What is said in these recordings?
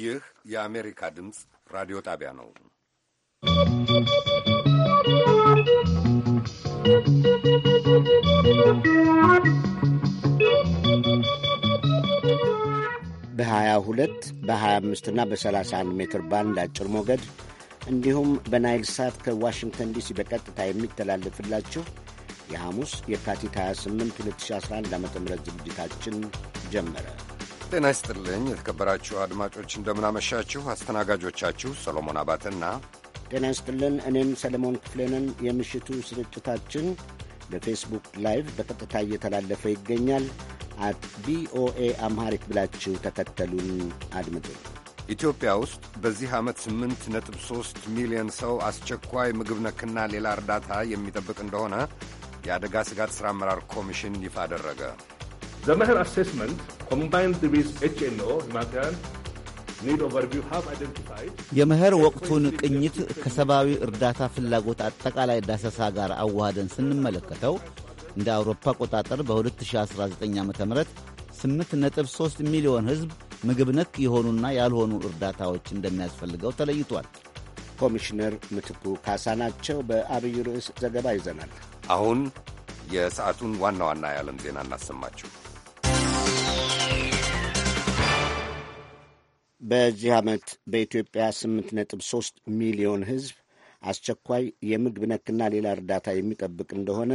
ይህ የአሜሪካ ድምፅ ራዲዮ ጣቢያ ነው። በ22 በ25 እና በ31 ሜትር ባንድ አጭር ሞገድ እንዲሁም በናይል ሳት ከዋሽንግተን ዲሲ በቀጥታ የሚተላለፍላችሁ የሐሙስ የካቲት 28 2011 ዓ ም ዝግጅታችን ጀመረ። ጤና ይስጥልኝ የተከበራችሁ አድማጮች፣ እንደምናመሻችሁ። አስተናጋጆቻችሁ ሰሎሞን አባተና ጤና ይስጥልን እኔም ሰለሞን ክፍሌንን። የምሽቱ ስርጭታችን በፌስቡክ ላይቭ በቀጥታ እየተላለፈ ይገኛል። አት ቪኦኤ አምሃሪክ ብላችሁ ተከተሉን አድምጡ። ኢትዮጵያ ውስጥ በዚህ ዓመት 8.3 ሚሊዮን ሰው አስቸኳይ ምግብ ነክና ሌላ እርዳታ የሚጠብቅ እንደሆነ የአደጋ ስጋት ሥራ አመራር ኮሚሽን ይፋ አደረገ። The Meher assessment combined with HNO Himatayan የመኸር ወቅቱን ቅኝት ከሰብአዊ እርዳታ ፍላጎት አጠቃላይ ዳሰሳ ጋር አዋህደን ስንመለከተው እንደ አውሮፓ አቆጣጠር በ2019 ዓ ም 8.3 ሚሊዮን ሕዝብ ምግብ ነክ የሆኑና ያልሆኑ እርዳታዎች እንደሚያስፈልገው ተለይቷል። ኮሚሽነር ምትኩ ካሳ ናቸው። በአብይ ርዕስ ዘገባ ይዘናል። አሁን የሰዓቱን ዋና ዋና የዓለም ዜና እናሰማችሁ። በዚህ ዓመት በኢትዮጵያ 8.3 ሚሊዮን ሕዝብ አስቸኳይ የምግብ ነክና ሌላ እርዳታ የሚጠብቅ እንደሆነ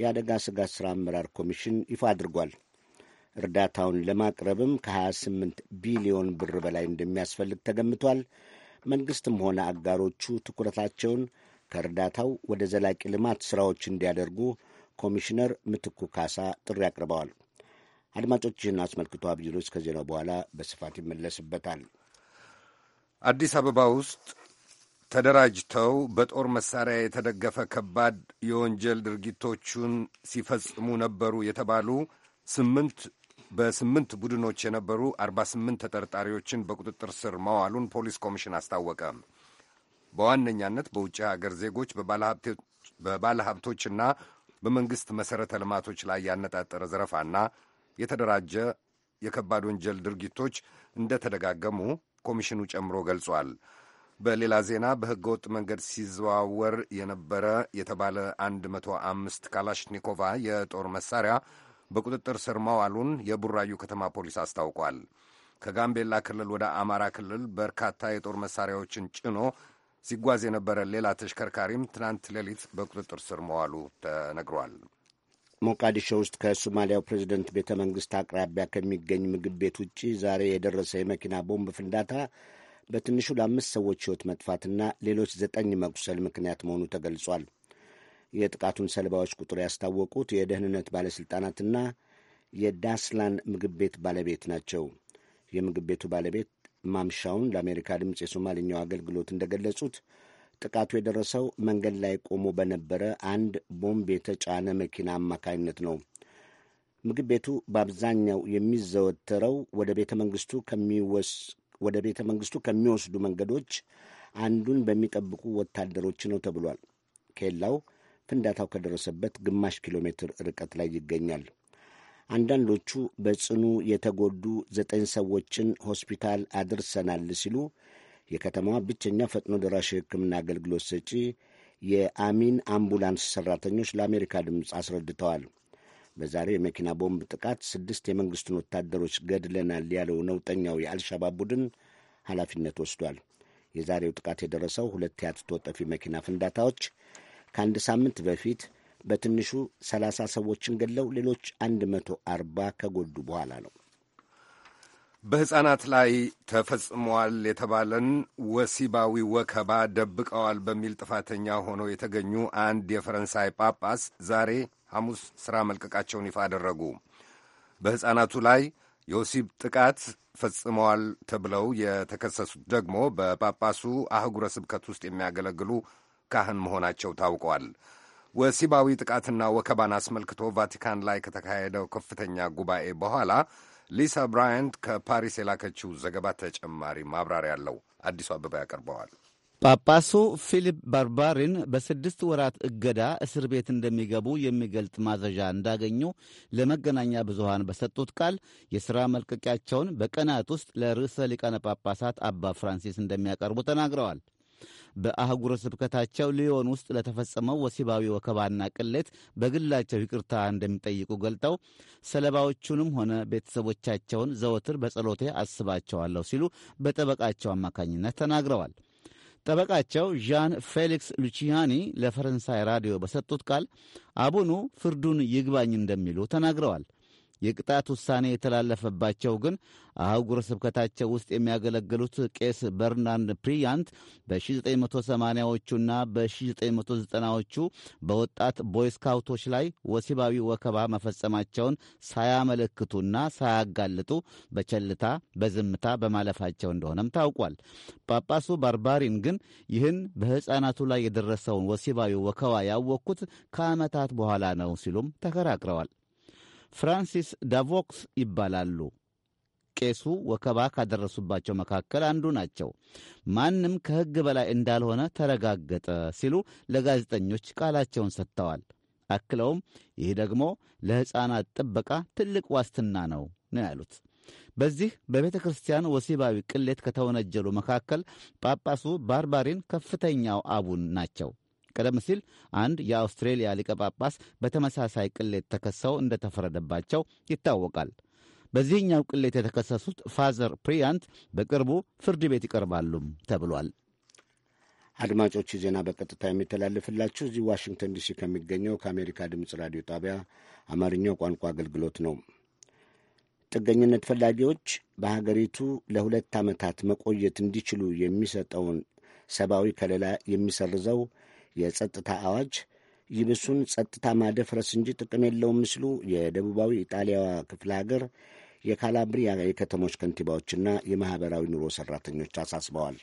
የአደጋ ስጋት ሥራ አመራር ኮሚሽን ይፋ አድርጓል። እርዳታውን ለማቅረብም ከ28 ቢሊዮን ብር በላይ እንደሚያስፈልግ ተገምቷል። መንግሥትም ሆነ አጋሮቹ ትኩረታቸውን ከእርዳታው ወደ ዘላቂ ልማት ሥራዎች እንዲያደርጉ ኮሚሽነር ምትኩ ካሳ ጥሪ አቅርበዋል። አድማጮች ይህን አስመልክቶ አብይ ርዕስ ከዜናው በኋላ በስፋት ይመለስበታል። አዲስ አበባ ውስጥ ተደራጅተው በጦር መሳሪያ የተደገፈ ከባድ የወንጀል ድርጊቶቹን ሲፈጽሙ ነበሩ የተባሉ ስምንት በስምንት ቡድኖች የነበሩ 48 ተጠርጣሪዎችን በቁጥጥር ስር መዋሉን ፖሊስ ኮሚሽን አስታወቀ። በዋነኛነት በውጭ ሀገር ዜጎች በባለሀብቶችና በመንግሥት መሠረተ ልማቶች ላይ ያነጣጠረ ዘረፋና የተደራጀ የከባድ ወንጀል ድርጊቶች እንደተደጋገሙ ኮሚሽኑ ጨምሮ ገልጿል። በሌላ ዜና በሕገ ወጥ መንገድ ሲዘዋወር የነበረ የተባለ 105 ካላሽኒኮቫ የጦር መሳሪያ በቁጥጥር ስር መዋሉን የቡራዩ ከተማ ፖሊስ አስታውቋል። ከጋምቤላ ክልል ወደ አማራ ክልል በርካታ የጦር መሳሪያዎችን ጭኖ ሲጓዝ የነበረ ሌላ ተሽከርካሪም ትናንት ሌሊት በቁጥጥር ስር መዋሉ ተነግሯል። ሞቃዲሾ ውስጥ ከሶማሊያው ፕሬዚደንት ቤተ መንግሥት አቅራቢያ ከሚገኝ ምግብ ቤት ውጪ ዛሬ የደረሰ የመኪና ቦምብ ፍንዳታ በትንሹ ለአምስት ሰዎች ሕይወት መጥፋትና ሌሎች ዘጠኝ መቁሰል ምክንያት መሆኑ ተገልጿል። የጥቃቱን ሰለባዎች ቁጥር ያስታወቁት የደህንነት ባለሥልጣናትና የዳስላን ምግብ ቤት ባለቤት ናቸው። የምግብ ቤቱ ባለቤት ማምሻውን ለአሜሪካ ድምፅ የሶማልኛው አገልግሎት እንደገለጹት ጥቃቱ የደረሰው መንገድ ላይ ቆሞ በነበረ አንድ ቦምብ የተጫነ መኪና አማካኝነት ነው። ምግብ ቤቱ በአብዛኛው የሚዘወተረው ወደ ቤተ መንግስቱ ከሚወስዱ መንገዶች አንዱን በሚጠብቁ ወታደሮች ነው ተብሏል። ኬላው ፍንዳታው ከደረሰበት ግማሽ ኪሎ ሜትር ርቀት ላይ ይገኛል። አንዳንዶቹ በጽኑ የተጎዱ ዘጠኝ ሰዎችን ሆስፒታል አድርሰናል ሲሉ የከተማዋ ብቸኛ ፈጥኖ ደራሽ የሕክምና አገልግሎት ሰጪ የአሚን አምቡላንስ ሠራተኞች ለአሜሪካ ድምፅ አስረድተዋል። በዛሬው የመኪና ቦምብ ጥቃት ስድስት የመንግሥቱን ወታደሮች ገድለናል ያለው ነውጠኛው የአልሻባብ ቡድን ኃላፊነት ወስዷል። የዛሬው ጥቃት የደረሰው ሁለት የአጥፍቶ ጠፊ መኪና ፍንዳታዎች ከአንድ ሳምንት በፊት በትንሹ 30 ሰዎችን ገለው ሌሎች 140 ከጎዱ በኋላ ነው። በሕፃናት ላይ ተፈጽሟል የተባለን ወሲባዊ ወከባ ደብቀዋል በሚል ጥፋተኛ ሆነው የተገኙ አንድ የፈረንሳይ ጳጳስ ዛሬ ሐሙስ ሥራ መልቀቃቸውን ይፋ አደረጉ። በሕፃናቱ ላይ የወሲብ ጥቃት ፈጽመዋል ተብለው የተከሰሱት ደግሞ በጳጳሱ አህጉረ ስብከት ውስጥ የሚያገለግሉ ካህን መሆናቸው ታውቋል። ወሲባዊ ጥቃትና ወከባን አስመልክቶ ቫቲካን ላይ ከተካሄደው ከፍተኛ ጉባኤ በኋላ ሊሳ ብራያንት ከፓሪስ የላከችው ዘገባ ተጨማሪ ማብራሪያ አለው። አዲሱ አበባ ያቀርበዋል። ጳጳሱ ፊሊፕ ባርባሪን በስድስት ወራት እገዳ እስር ቤት እንደሚገቡ የሚገልጥ ማዘዣ እንዳገኙ ለመገናኛ ብዙሃን በሰጡት ቃል የሥራ መልቀቂያቸውን በቀናት ውስጥ ለርዕሰ ሊቃነ ጳጳሳት አባ ፍራንሲስ እንደሚያቀርቡ ተናግረዋል። በአህጉረ ስብከታቸው ሊዮን ውስጥ ለተፈጸመው ወሲባዊ ወከባና ቅሌት በግላቸው ይቅርታ እንደሚጠይቁ ገልጠው ሰለባዎቹንም ሆነ ቤተሰቦቻቸውን ዘወትር በጸሎቴ አስባቸዋለሁ ሲሉ በጠበቃቸው አማካኝነት ተናግረዋል። ጠበቃቸው ዣን ፌሊክስ ሉቺያኒ ለፈረንሳይ ራዲዮ በሰጡት ቃል አቡኑ ፍርዱን ይግባኝ እንደሚሉ ተናግረዋል። የቅጣት ውሳኔ የተላለፈባቸው ግን አህጉረ ስብከታቸው ውስጥ የሚያገለግሉት ቄስ በርናርድ ፕሪያንት በ1980ዎቹና በ1990ዎቹ በወጣት ቦይስካውቶች ላይ ወሲባዊ ወከባ መፈጸማቸውን ሳያመለክቱና ሳያጋልጡ በቸልታ በዝምታ በማለፋቸው እንደሆነም ታውቋል። ጳጳሱ ባርባሪን ግን ይህን በሕፃናቱ ላይ የደረሰውን ወሲባዊ ወከባ ያወቅኩት ከዓመታት በኋላ ነው ሲሉም ተከራክረዋል። ፍራንሲስ ዳቮክስ ይባላሉ። ቄሱ ወከባ ካደረሱባቸው መካከል አንዱ ናቸው። ማንም ከሕግ በላይ እንዳልሆነ ተረጋገጠ ሲሉ ለጋዜጠኞች ቃላቸውን ሰጥተዋል። አክለውም ይህ ደግሞ ለሕፃናት ጥበቃ ትልቅ ዋስትና ነው ነው ያሉት። በዚህ በቤተ ክርስቲያን ወሲባዊ ቅሌት ከተወነጀሉ መካከል ጳጳሱ ባርባሪን ከፍተኛው አቡን ናቸው። ቀደም ሲል አንድ የአውስትሬልያ ሊቀ ጳጳስ በተመሳሳይ ቅሌት ተከሰው እንደተፈረደባቸው ይታወቃል። በዚህኛው ቅሌት የተከሰሱት ፋዘር ፕሪያንት በቅርቡ ፍርድ ቤት ይቀርባሉም ተብሏል። አድማጮች ዜና በቀጥታ የሚተላልፍላችሁ እዚህ ዋሽንግተን ዲሲ ከሚገኘው ከአሜሪካ ድምፅ ራዲዮ ጣቢያ አማርኛው ቋንቋ አገልግሎት ነው። ጥገኝነት ፈላጊዎች በሀገሪቱ ለሁለት ዓመታት መቆየት እንዲችሉ የሚሰጠውን ሰብአዊ ከለላ የሚሰርዘው የጸጥታ አዋጅ ይብሱን ጸጥታ ማደፍረስ እንጂ ጥቅም የለውም ሲሉ የደቡባዊ ኢጣሊያዋ ክፍለ ሀገር የካላብሪያ የከተሞች ከንቲባዎችና የማኅበራዊ ኑሮ ሠራተኞች አሳስበዋል።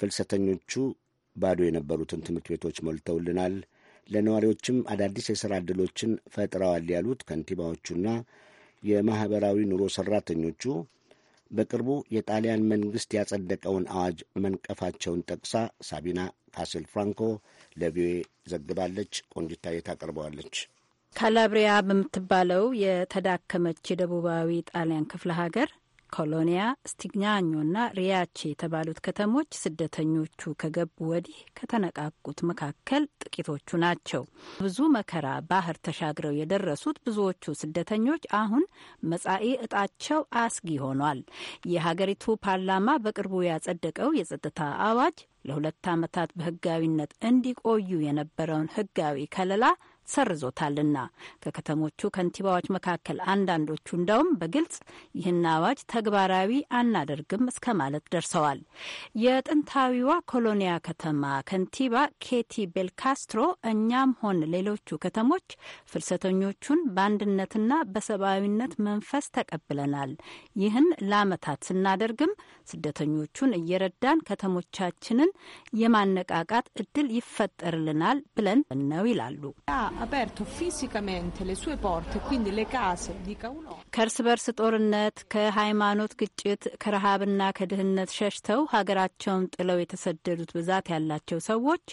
ፍልሰተኞቹ ባዶ የነበሩትን ትምህርት ቤቶች ሞልተውልናል፣ ለነዋሪዎችም አዳዲስ የሥራ ዕድሎችን ፈጥረዋል ያሉት ከንቲባዎቹና የማኅበራዊ ኑሮ ሠራተኞቹ በቅርቡ የጣሊያን መንግሥት ያጸደቀውን አዋጅ መንቀፋቸውን ጠቅሳ ሳቢና ካሴል ፍራንኮ ለቪኦኤ ዘግባለች። ቆንጅታዬ ታቀርበዋለች። ካላብሪያ በምትባለው የተዳከመች የደቡባዊ ጣሊያን ክፍለ ሀገር ኮሎኒያ፣ ስቲግናኞና ሪያቼ የተባሉት ከተሞች ስደተኞቹ ከገቡ ወዲህ ከተነቃቁት መካከል ጥቂቶቹ ናቸው። ብዙ መከራ ባህር ተሻግረው የደረሱት ብዙዎቹ ስደተኞች አሁን መጻኢ እጣቸው አስጊ ሆኗል። የሀገሪቱ ፓርላማ በቅርቡ ያጸደቀው የጸጥታ አዋጅ ለሁለት ዓመታት በህጋዊነት እንዲቆዩ የነበረውን ህጋዊ ከለላ ሰርዞታልና ከከተሞቹ ከንቲባዎች መካከል አንዳንዶቹ እንደውም በግልጽ ይህን አዋጅ ተግባራዊ አናደርግም እስከ ማለት ደርሰዋል። የጥንታዊዋ ኮሎኒያ ከተማ ከንቲባ ኬቲ ቤልካስትሮ እኛም ሆን ሌሎቹ ከተሞች ፍልሰተኞቹን በአንድነትና በሰብአዊነት መንፈስ ተቀብለናል። ይህን ለአመታት ስናደርግም ስደተኞቹን እየረዳን ከተሞቻችንን የማነቃቃት እድል ይፈጠርልናል ብለን ነው ይላሉ። aperto fisicamente le sue porte, quindi le case di Kaulon. ከእርስ በርስ ጦርነት፣ ከሃይማኖት ግጭት፣ ከረሃብና ከድህነት ሸሽተው ሀገራቸውን ጥለው የተሰደዱት ብዛት ያላቸው ሰዎች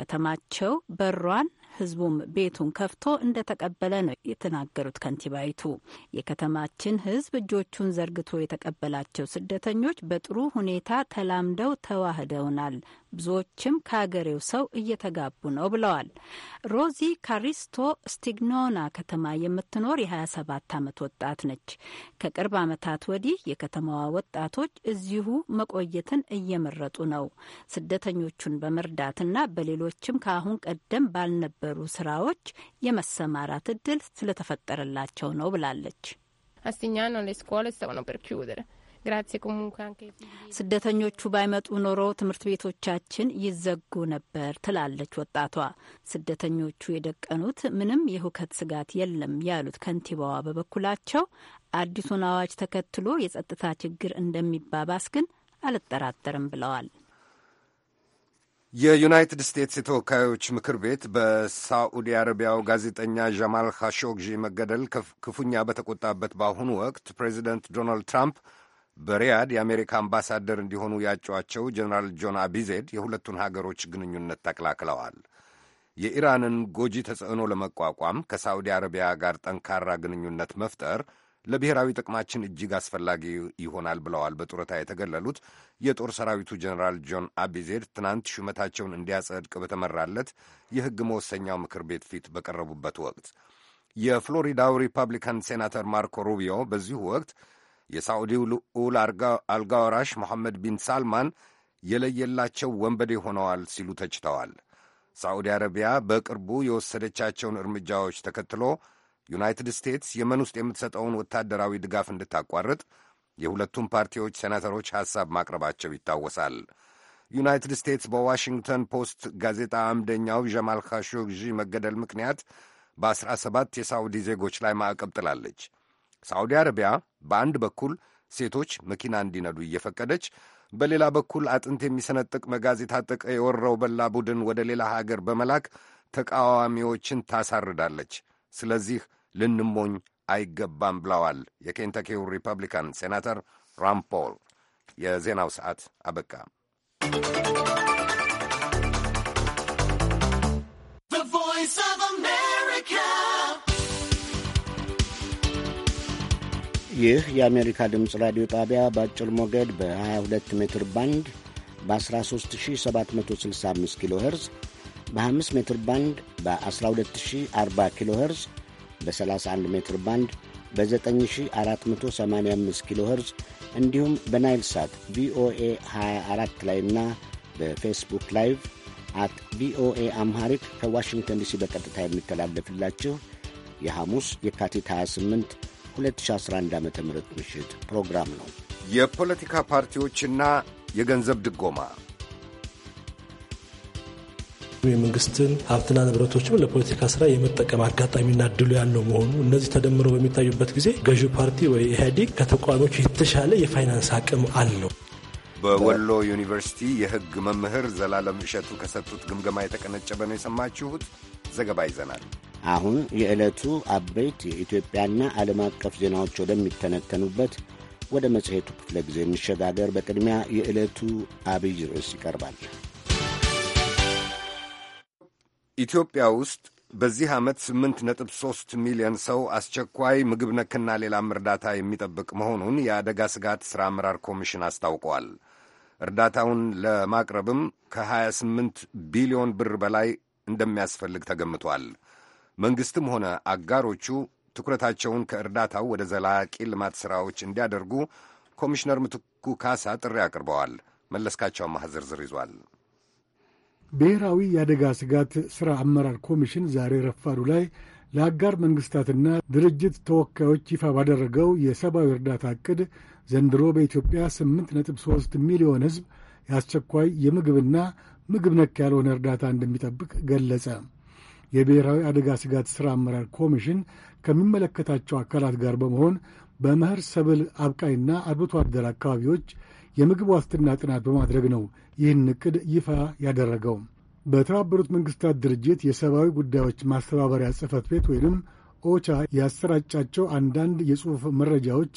ከተማቸው በሯን ህዝቡም ቤቱን ከፍቶ እንደተቀበለ ነው የተናገሩት ከንቲባይቱ። የከተማችን ህዝብ እጆቹን ዘርግቶ የተቀበላቸው ስደተኞች በጥሩ ሁኔታ ተላምደው ተዋህደውናል። ብዙዎችም ከሀገሬው ሰው እየተጋቡ ነው ብለዋል። ሮዚ ካሪስቶ ስቲግኖና ከተማ የምትኖር የ27 ዓመት ወጣት ነች። ከቅርብ ዓመታት ወዲህ የከተማዋ ወጣቶች እዚሁ መቆየትን እየመረጡ ነው። ስደተኞቹን በመርዳትና በሌሎችም ከአሁን ቀደም ባልነበሩ በተባበሩ ስራዎች የመሰማራት እድል ስለተፈጠረላቸው ነው ብላለች። ስደተኞቹ ባይመጡ ኖሮ ትምህርት ቤቶቻችን ይዘጉ ነበር ትላለች ወጣቷ። ስደተኞቹ የደቀኑት ምንም የሁከት ስጋት የለም ያሉት ከንቲባዋ በበኩላቸው አዲሱን አዋጅ ተከትሎ የጸጥታ ችግር እንደሚባባስ ግን አልጠራጠርም ብለዋል። የዩናይትድ ስቴትስ የተወካዮች ምክር ቤት በሳዑዲ አረቢያው ጋዜጠኛ ዣማል ካሾግዢ መገደል ክፉኛ በተቆጣበት በአሁኑ ወቅት ፕሬዚደንት ዶናልድ ትራምፕ በሪያድ የአሜሪካ አምባሳደር እንዲሆኑ ያጯቸው ጀኔራል ጆን አቢዜድ የሁለቱን ሀገሮች ግንኙነት ተከላክለዋል። የኢራንን ጎጂ ተጽዕኖ ለመቋቋም ከሳዑዲ አረቢያ ጋር ጠንካራ ግንኙነት መፍጠር ለብሔራዊ ጥቅማችን እጅግ አስፈላጊ ይሆናል ብለዋል። በጡረታ የተገለሉት የጦር ሰራዊቱ ጀኔራል ጆን አቢዜድ ትናንት ሹመታቸውን እንዲያጸድቅ በተመራለት የሕግ መወሰኛው ምክር ቤት ፊት በቀረቡበት ወቅት የፍሎሪዳው ሪፐብሊካን ሴናተር ማርኮ ሩቢዮ በዚሁ ወቅት የሳዑዲው ልዑል አልጋ ወራሽ መሐመድ ቢን ሳልማን የለየላቸው ወንበዴ ሆነዋል ሲሉ ተችተዋል። ሳዑዲ አረቢያ በቅርቡ የወሰደቻቸውን እርምጃዎች ተከትሎ ዩናይትድ ስቴትስ የመን ውስጥ የምትሰጠውን ወታደራዊ ድጋፍ እንድታቋርጥ የሁለቱም ፓርቲዎች ሴናተሮች ሐሳብ ማቅረባቸው ይታወሳል። ዩናይትድ ስቴትስ በዋሽንግተን ፖስት ጋዜጣ አምደኛው ጀማል ካሾግዢ መገደል ምክንያት በ17 የሳዑዲ ዜጎች ላይ ማዕቀብ ጥላለች። ሳዑዲ አረቢያ በአንድ በኩል ሴቶች መኪና እንዲነዱ እየፈቀደች፣ በሌላ በኩል አጥንት የሚሰነጥቅ መጋዝ የታጠቀ የወረው በላ ቡድን ወደ ሌላ ሀገር በመላክ ተቃዋሚዎችን ታሳርዳለች። ስለዚህ ልንሞኝ አይገባም ብለዋል የኬንታኪው ሪፐብሊካን ሴናተር ራም ፖል። የዜናው ሰዓት አበቃ። ይህ የአሜሪካ ድምፅ ራዲዮ ጣቢያ በአጭር ሞገድ በ22 ሜትር ባንድ በ13765 ኪሎ ኸርዝ በ5 ሜትር ባንድ በ 1240 ኪሎ ኸርዝ በ31 ሜትር ባንድ በ9485 ኪሎ ኸርዝ እንዲሁም በናይል ሳት ቪኦኤ 24 ላይ እና በፌስቡክ ላይቭ አት ቪኦኤ አምሃሪክ ከዋሽንግተን ዲሲ በቀጥታ የሚተላለፍላችሁ የሐሙስ የካቲት 28 2011 ዓ ም ምሽት ፕሮግራም ነው። የፖለቲካ ፓርቲዎችና የገንዘብ ድጎማ የመንግስትን ሀብትና ንብረቶችም ለፖለቲካ ስራ የመጠቀም አጋጣሚና እድሉ ያለው መሆኑ እነዚህ ተደምረው በሚታዩበት ጊዜ ገዢው ፓርቲ ወይ ኢህአዴግ ከተቃዋሚዎች የተሻለ የፋይናንስ አቅም አለው። በወሎ ዩኒቨርሲቲ የህግ መምህር ዘላለም እሸቱ ከሰጡት ግምገማ የተቀነጨበ ነው የሰማችሁት። ዘገባ ይዘናል። አሁን የዕለቱ አበይት የኢትዮጵያና ዓለም አቀፍ ዜናዎች ወደሚተነተኑበት ወደ መጽሔቱ ክፍለ ጊዜ እንሸጋገር። በቅድሚያ የዕለቱ አብይ ርዕስ ይቀርባል። ኢትዮጵያ ውስጥ በዚህ ዓመት 8.3 ሚሊዮን ሰው አስቸኳይ ምግብ ነክና ሌላም እርዳታ የሚጠብቅ መሆኑን የአደጋ ስጋት ሥራ አመራር ኮሚሽን አስታውቀዋል። እርዳታውን ለማቅረብም ከ28 ቢሊዮን ብር በላይ እንደሚያስፈልግ ተገምቷል። መንግሥትም ሆነ አጋሮቹ ትኩረታቸውን ከእርዳታው ወደ ዘላቂ ልማት ሥራዎች እንዲያደርጉ ኮሚሽነር ምትኩ ካሳ ጥሪ አቅርበዋል። መለስካቸው አማህ ዝርዝር ይዟል። ብሔራዊ የአደጋ ስጋት ሥራ አመራር ኮሚሽን ዛሬ ረፋዱ ላይ ለአጋር መንግሥታትና ድርጅት ተወካዮች ይፋ ባደረገው የሰብአዊ እርዳታ ዕቅድ ዘንድሮ በኢትዮጵያ 8.3 ሚሊዮን ሕዝብ የአስቸኳይ የምግብና ምግብ ነክ ያልሆነ እርዳታ እንደሚጠብቅ ገለጸ። የብሔራዊ አደጋ ስጋት ሥራ አመራር ኮሚሽን ከሚመለከታቸው አካላት ጋር በመሆን በመኸር ሰብል አብቃይና አርብቶ አደር አካባቢዎች የምግብ ዋስትና ጥናት በማድረግ ነው ይህን ዕቅድ ይፋ ያደረገው። በተባበሩት መንግሥታት ድርጅት የሰብአዊ ጉዳዮች ማስተባበሪያ ጽህፈት ቤት ወይም ኦቻ ያሰራጫቸው አንዳንድ የጽሑፍ መረጃዎች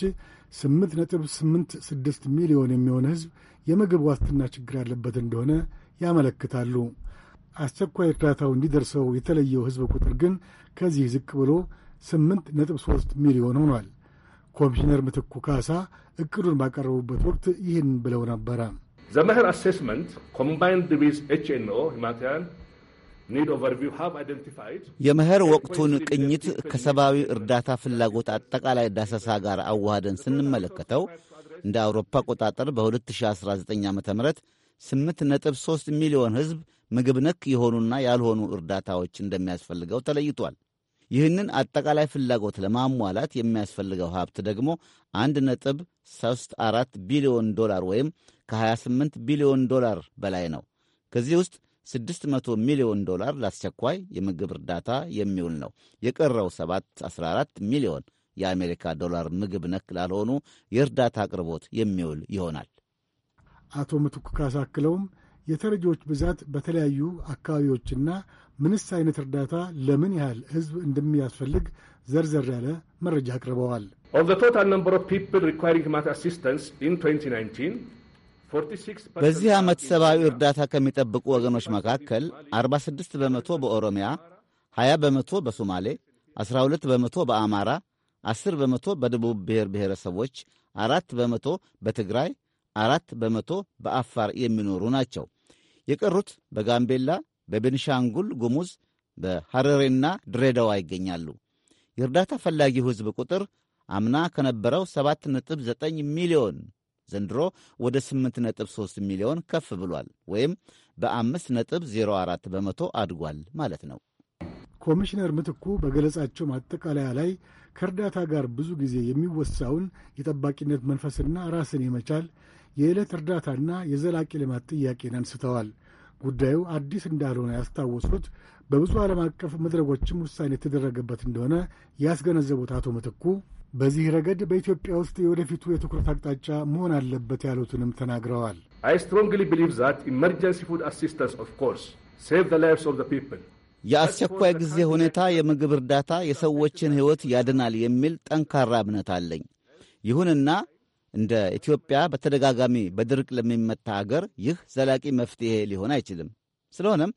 8.86 ሚሊዮን የሚሆን ሕዝብ የምግብ ዋስትና ችግር ያለበት እንደሆነ ያመለክታሉ። አስቸኳይ እርዳታው እንዲደርሰው የተለየው ሕዝብ ቁጥር ግን ከዚህ ዝቅ ብሎ 8.3 ሚሊዮን ሆኗል። ኮሚሽነር ምትኩ ካሳ እቅዱን ባቀረቡበት ወቅት ይህን ብለው ነበረ። ዘመህር አሴስመንት ኮምባይንድ ዊዝ ኤችኤንኦ ሂማትያን የመኸር ወቅቱን ቅኝት ከሰብአዊ እርዳታ ፍላጎት አጠቃላይ ዳሰሳ ጋር አዋህደን ስንመለከተው እንደ አውሮፓ አቆጣጠር በ2019 ዓ ም 8.3 ሚሊዮን ሕዝብ ምግብ ነክ የሆኑና ያልሆኑ እርዳታዎች እንደሚያስፈልገው ተለይቷል። ይህንን አጠቃላይ ፍላጎት ለማሟላት የሚያስፈልገው ሀብት ደግሞ 1.34 ቢሊዮን ዶላር ወይም ከ28 ቢሊዮን ዶላር በላይ ነው። ከዚህ ውስጥ 600 ሚሊዮን ዶላር ለአስቸኳይ የምግብ እርዳታ የሚውል ነው። የቀረው 714 ሚሊዮን የአሜሪካ ዶላር ምግብ ነክ ላልሆኑ የእርዳታ አቅርቦት የሚውል ይሆናል። አቶ ምትኩ ካሳ አክለውም የተረጂዎች ብዛት በተለያዩ አካባቢዎችና ምንስ አይነት እርዳታ ለምን ያህል ህዝብ እንደሚያስፈልግ ዘርዘር ያለ መረጃ አቅርበዋል። በዚህ ዓመት ሰብአዊ እርዳታ ከሚጠብቁ ወገኖች መካከል 46 በመቶ በኦሮሚያ፣ 20 በመቶ በሶማሌ፣ 12 በመቶ በአማራ፣ 10 በመቶ በደቡብ ብሔር ብሔረሰቦች፣ አራት በመቶ በትግራይ፣ አራት በመቶ በአፋር የሚኖሩ ናቸው። የቀሩት በጋምቤላ፣ በቤንሻንጉል ጉሙዝ በሐረሬና ድሬዳዋ ይገኛሉ። የእርዳታ ፈላጊው ሕዝብ ቁጥር አምና ከነበረው 7.9 ሚሊዮን ዘንድሮ ወደ 8.3 ሚሊዮን ከፍ ብሏል፣ ወይም በ5.04 በመቶ አድጓል ማለት ነው። ኮሚሽነር ምትኩ በገለጻቸው ማጠቃለያ ላይ ከእርዳታ ጋር ብዙ ጊዜ የሚወሳውን የጠባቂነት መንፈስና ራስን የመቻል የዕለት እርዳታና የዘላቂ ልማት ጥያቄን አንስተዋል። ጉዳዩ አዲስ እንዳልሆነ ያስታወሱት በብዙ ዓለም አቀፍ መድረኮችም ውሳኔ የተደረገበት እንደሆነ ያስገነዘቡት አቶ ምትኩ በዚህ ረገድ በኢትዮጵያ ውስጥ የወደፊቱ የትኩረት አቅጣጫ መሆን አለበት ያሉትንም ተናግረዋል። አይ ስትሮንግሊ ቢሊቭ ዛት ኢመርጀንሲ ፉድ ኦፍ ኮርስ ሴቭ ዘ ላይቭስ ኦፍ ዘ ፒፕል የአስቸኳይ ጊዜ ሁኔታ የምግብ እርዳታ የሰዎችን ሕይወት ያድናል የሚል ጠንካራ እምነት አለኝ። ይሁንና እንደ ኢትዮጵያ በተደጋጋሚ በድርቅ ለሚመታ አገር ይህ ዘላቂ መፍትሔ ሊሆን አይችልም። ስለሆነም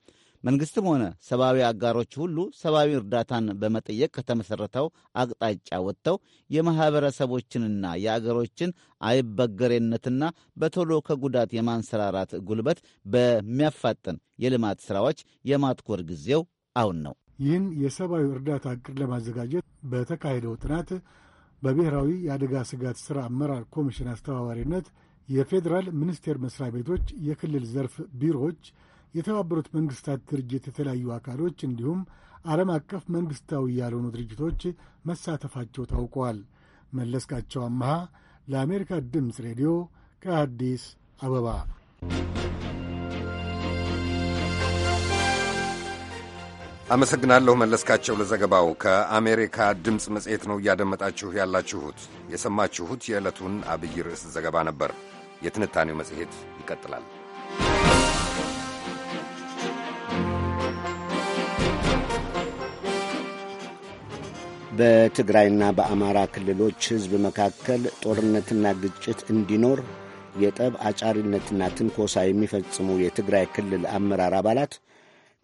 መንግሥትም ሆነ ሰብአዊ አጋሮች ሁሉ ሰብአዊ እርዳታን በመጠየቅ ከተመሠረተው አቅጣጫ ወጥተው የማኅበረሰቦችንና የአገሮችን አይበገሬነትና በቶሎ ከጉዳት የማንሰራራት ጉልበት በሚያፋጥን የልማት ሥራዎች የማትኮር ጊዜው አሁን ነው። ይህን የሰብአዊ እርዳታ ዕቅድ ለማዘጋጀት በተካሄደው ጥናት በብሔራዊ የአደጋ ስጋት ሥራ አመራር ኮሚሽን አስተባባሪነት የፌዴራል ሚኒስቴር መስሪያ ቤቶች፣ የክልል ዘርፍ ቢሮዎች፣ የተባበሩት መንግስታት ድርጅት የተለያዩ አካሎች እንዲሁም ዓለም አቀፍ መንግስታዊ ያልሆኑ ድርጅቶች መሳተፋቸው ታውቀዋል። መለስካቸው አመሃ ለአሜሪካ ድምፅ ሬዲዮ ከአዲስ አበባ አመሰግናለሁ መለስካቸው ለዘገባው። ከአሜሪካ ድምፅ መጽሔት ነው እያደመጣችሁ ያላችሁት። የሰማችሁት የዕለቱን አብይ ርዕስ ዘገባ ነበር። የትንታኔው መጽሔት ይቀጥላል። በትግራይና በአማራ ክልሎች ሕዝብ መካከል ጦርነትና ግጭት እንዲኖር የጠብ አጫሪነትና ትንኮሳ የሚፈጽሙ የትግራይ ክልል አመራር አባላት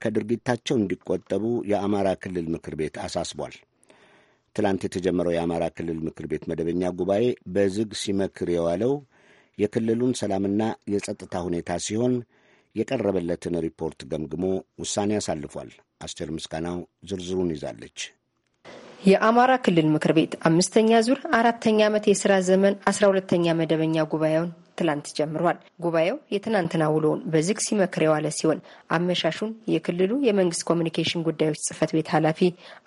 ከድርጊታቸው እንዲቆጠቡ የአማራ ክልል ምክር ቤት አሳስቧል። ትላንት የተጀመረው የአማራ ክልል ምክር ቤት መደበኛ ጉባኤ በዝግ ሲመክር የዋለው የክልሉን ሰላምና የጸጥታ ሁኔታ ሲሆን የቀረበለትን ሪፖርት ገምግሞ ውሳኔ አሳልፏል። አስቴር ምስጋናው ዝርዝሩን ይዛለች። የአማራ ክልል ምክር ቤት አምስተኛ ዙር አራተኛ ዓመት የስራ ዘመን አስራ ሁለተኛ መደበኛ ጉባኤውን ትላንት ጀምሯል። ጉባኤው የትናንትና ውሎውን በዝግ ሲመክር የዋለ ሲሆን አመሻሹን የክልሉ የመንግስት ኮሚኒኬሽን ጉዳዮች ጽህፈት ቤት ኃላፊ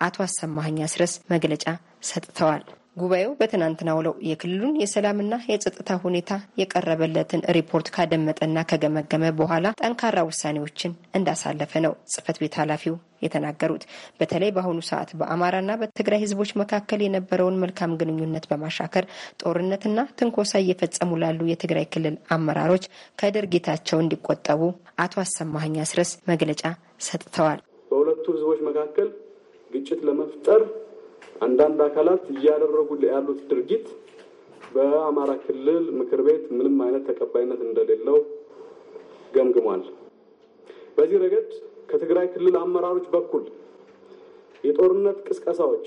አቶ አሰማኸኝ አስረስ መግለጫ ሰጥተዋል። ጉባኤው በትናንትናው ውለው የክልሉን የሰላምና የጸጥታ ሁኔታ የቀረበለትን ሪፖርት ካደመጠና ከገመገመ በኋላ ጠንካራ ውሳኔዎችን እንዳሳለፈ ነው ጽህፈት ቤት ኃላፊው የተናገሩት። በተለይ በአሁኑ ሰዓት በአማራና በትግራይ ህዝቦች መካከል የነበረውን መልካም ግንኙነት በማሻከር ጦርነትና ትንኮሳ እየፈጸሙ ላሉ የትግራይ ክልል አመራሮች ከድርጊታቸው እንዲቆጠቡ አቶ አሰማኸኝ አስረስ መግለጫ ሰጥተዋል። በሁለቱ ህዝቦች መካከል ግጭት ለመፍጠር አንዳንድ አካላት እያደረጉ ያሉት ድርጊት በአማራ ክልል ምክር ቤት ምንም አይነት ተቀባይነት እንደሌለው ገምግሟል። በዚህ ረገድ ከትግራይ ክልል አመራሮች በኩል የጦርነት ቅስቀሳዎች፣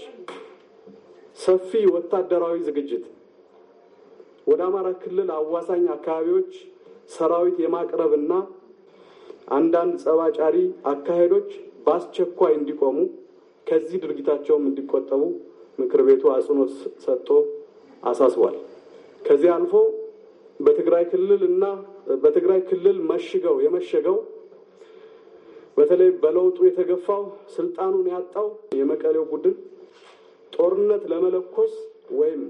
ሰፊ ወታደራዊ ዝግጅት፣ ወደ አማራ ክልል አዋሳኝ አካባቢዎች ሰራዊት የማቅረብ እና አንዳንድ ጸባጫሪ አካሄዶች በአስቸኳይ እንዲቆሙ ከዚህ ድርጊታቸውም እንዲቆጠቡ ምክር ቤቱ አጽንኦት ሰጥቶ አሳስቧል። ከዚህ አልፎ በትግራይ ክልል እና በትግራይ ክልል መሽገው የመሸገው በተለይ በለውጡ የተገፋው ስልጣኑን ያጣው የመቀሌው ቡድን ጦርነት ለመለኮስ ወይም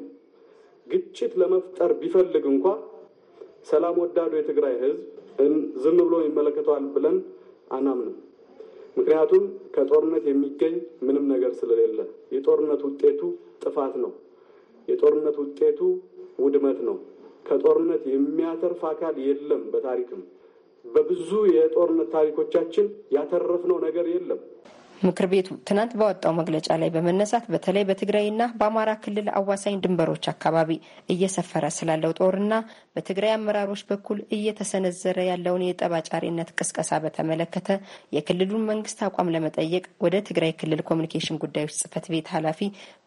ግጭት ለመፍጠር ቢፈልግ እንኳ ሰላም ወዳዱ የትግራይ ሕዝብ ዝም ብሎ ይመለከተዋል ብለን አናምንም። ምክንያቱም ከጦርነት የሚገኝ ምንም ነገር ስለሌለ የጦርነት ውጤቱ ጥፋት ነው። የጦርነት ውጤቱ ውድመት ነው። ከጦርነት የሚያተርፍ አካል የለም። በታሪክም በብዙ የጦርነት ታሪኮቻችን ያተረፍነው ነገር የለም። ምክር ቤቱ ትናንት ባወጣው መግለጫ ላይ በመነሳት በተለይ በትግራይና በአማራ ክልል አዋሳኝ ድንበሮች አካባቢ እየሰፈረ ስላለው ጦርና በትግራይ አመራሮች በኩል እየተሰነዘረ ያለውን የጠባጫሪነት ቅስቀሳ በተመለከተ የክልሉን መንግስት አቋም ለመጠየቅ ወደ ትግራይ ክልል ኮሚኒኬሽን ጉዳዮች ጽህፈት ቤት ኃላፊ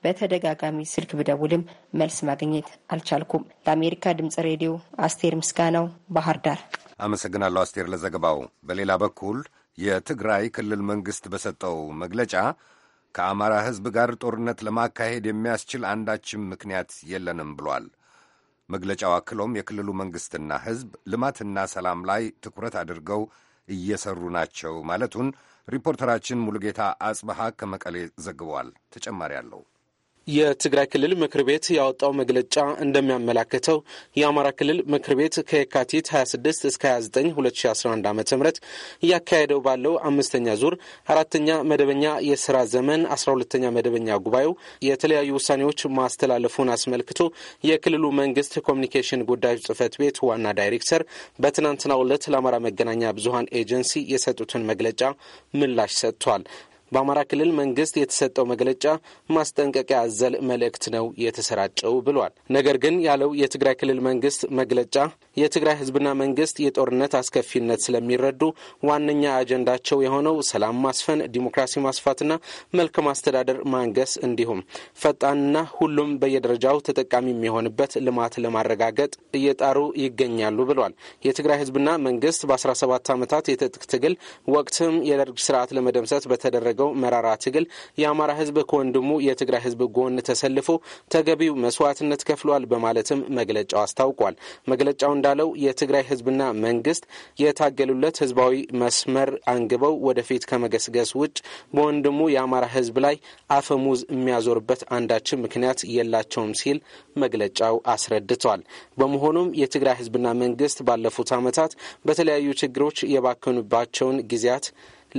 በተደጋጋሚ ስልክ ብደውልም መልስ ማግኘት አልቻልኩም። ለአሜሪካ ድምጽ ሬዲዮ አስቴር ምስጋናው ባህር ዳር። አመሰግናለሁ አስቴር ለዘገባው። በሌላ በኩል የትግራይ ክልል መንግሥት በሰጠው መግለጫ ከአማራ ሕዝብ ጋር ጦርነት ለማካሄድ የሚያስችል አንዳችም ምክንያት የለንም ብሏል። መግለጫው አክሎም የክልሉ መንግሥትና ሕዝብ ልማትና ሰላም ላይ ትኩረት አድርገው እየሰሩ ናቸው ማለቱን ሪፖርተራችን ሙሉጌታ አጽበሃ ከመቀሌ ዘግቧል። ተጨማሪ አለው። የትግራይ ክልል ምክር ቤት ያወጣው መግለጫ እንደሚያመላክተው የአማራ ክልል ምክር ቤት ከየካቲት 26 እስከ 29 2011 ዓ ም እያካሄደው ባለው አምስተኛ ዙር አራተኛ መደበኛ የስራ ዘመን 12ተኛ መደበኛ ጉባኤው የተለያዩ ውሳኔዎች ማስተላለፉን አስመልክቶ የክልሉ መንግስት ኮሚኒኬሽን ጉዳዮች ጽህፈት ቤት ዋና ዳይሬክተር በትናንትናው ዕለት ለአማራ መገናኛ ብዙሀን ኤጀንሲ የሰጡትን መግለጫ ምላሽ ሰጥቷል። በአማራ ክልል መንግስት የተሰጠው መግለጫ ማስጠንቀቂያ አዘል መልእክት ነው የተሰራጨው ብሏል። ነገር ግን ያለው የትግራይ ክልል መንግስት መግለጫ የትግራይ ህዝብና መንግስት የጦርነት አስከፊነት ስለሚረዱ ዋነኛ አጀንዳቸው የሆነው ሰላም ማስፈን፣ ዲሞክራሲ ማስፋትና መልካም አስተዳደር ማንገስ እንዲሁም ፈጣንና ሁሉም በየደረጃው ተጠቃሚ የሚሆንበት ልማት ለማረጋገጥ እየጣሩ ይገኛሉ ብሏል። የትግራይ ህዝብና መንግስት በ17 ዓመታት የትጥቅ ትግል ወቅትም የደርግ ስርዓት ለመደምሰት በተደረገው መራራ ትግል የአማራ ህዝብ ከወንድሙ የትግራይ ህዝብ ጎን ተሰልፎ ተገቢው መስዋዕትነት ከፍሏል በማለትም መግለጫው አስታውቋል። መግለጫው እንዳለው የትግራይ ህዝብና መንግስት የታገሉለት ህዝባዊ መስመር አንግበው ወደፊት ከመገስገስ ውጭ በወንድሙ የአማራ ህዝብ ላይ አፈሙዝ የሚያዞርበት አንዳችን ምክንያት የላቸውም ሲል መግለጫው አስረድቷል። በመሆኑም የትግራይ ህዝብና መንግስት ባለፉት ዓመታት በተለያዩ ችግሮች የባከኑባቸውን ጊዜያት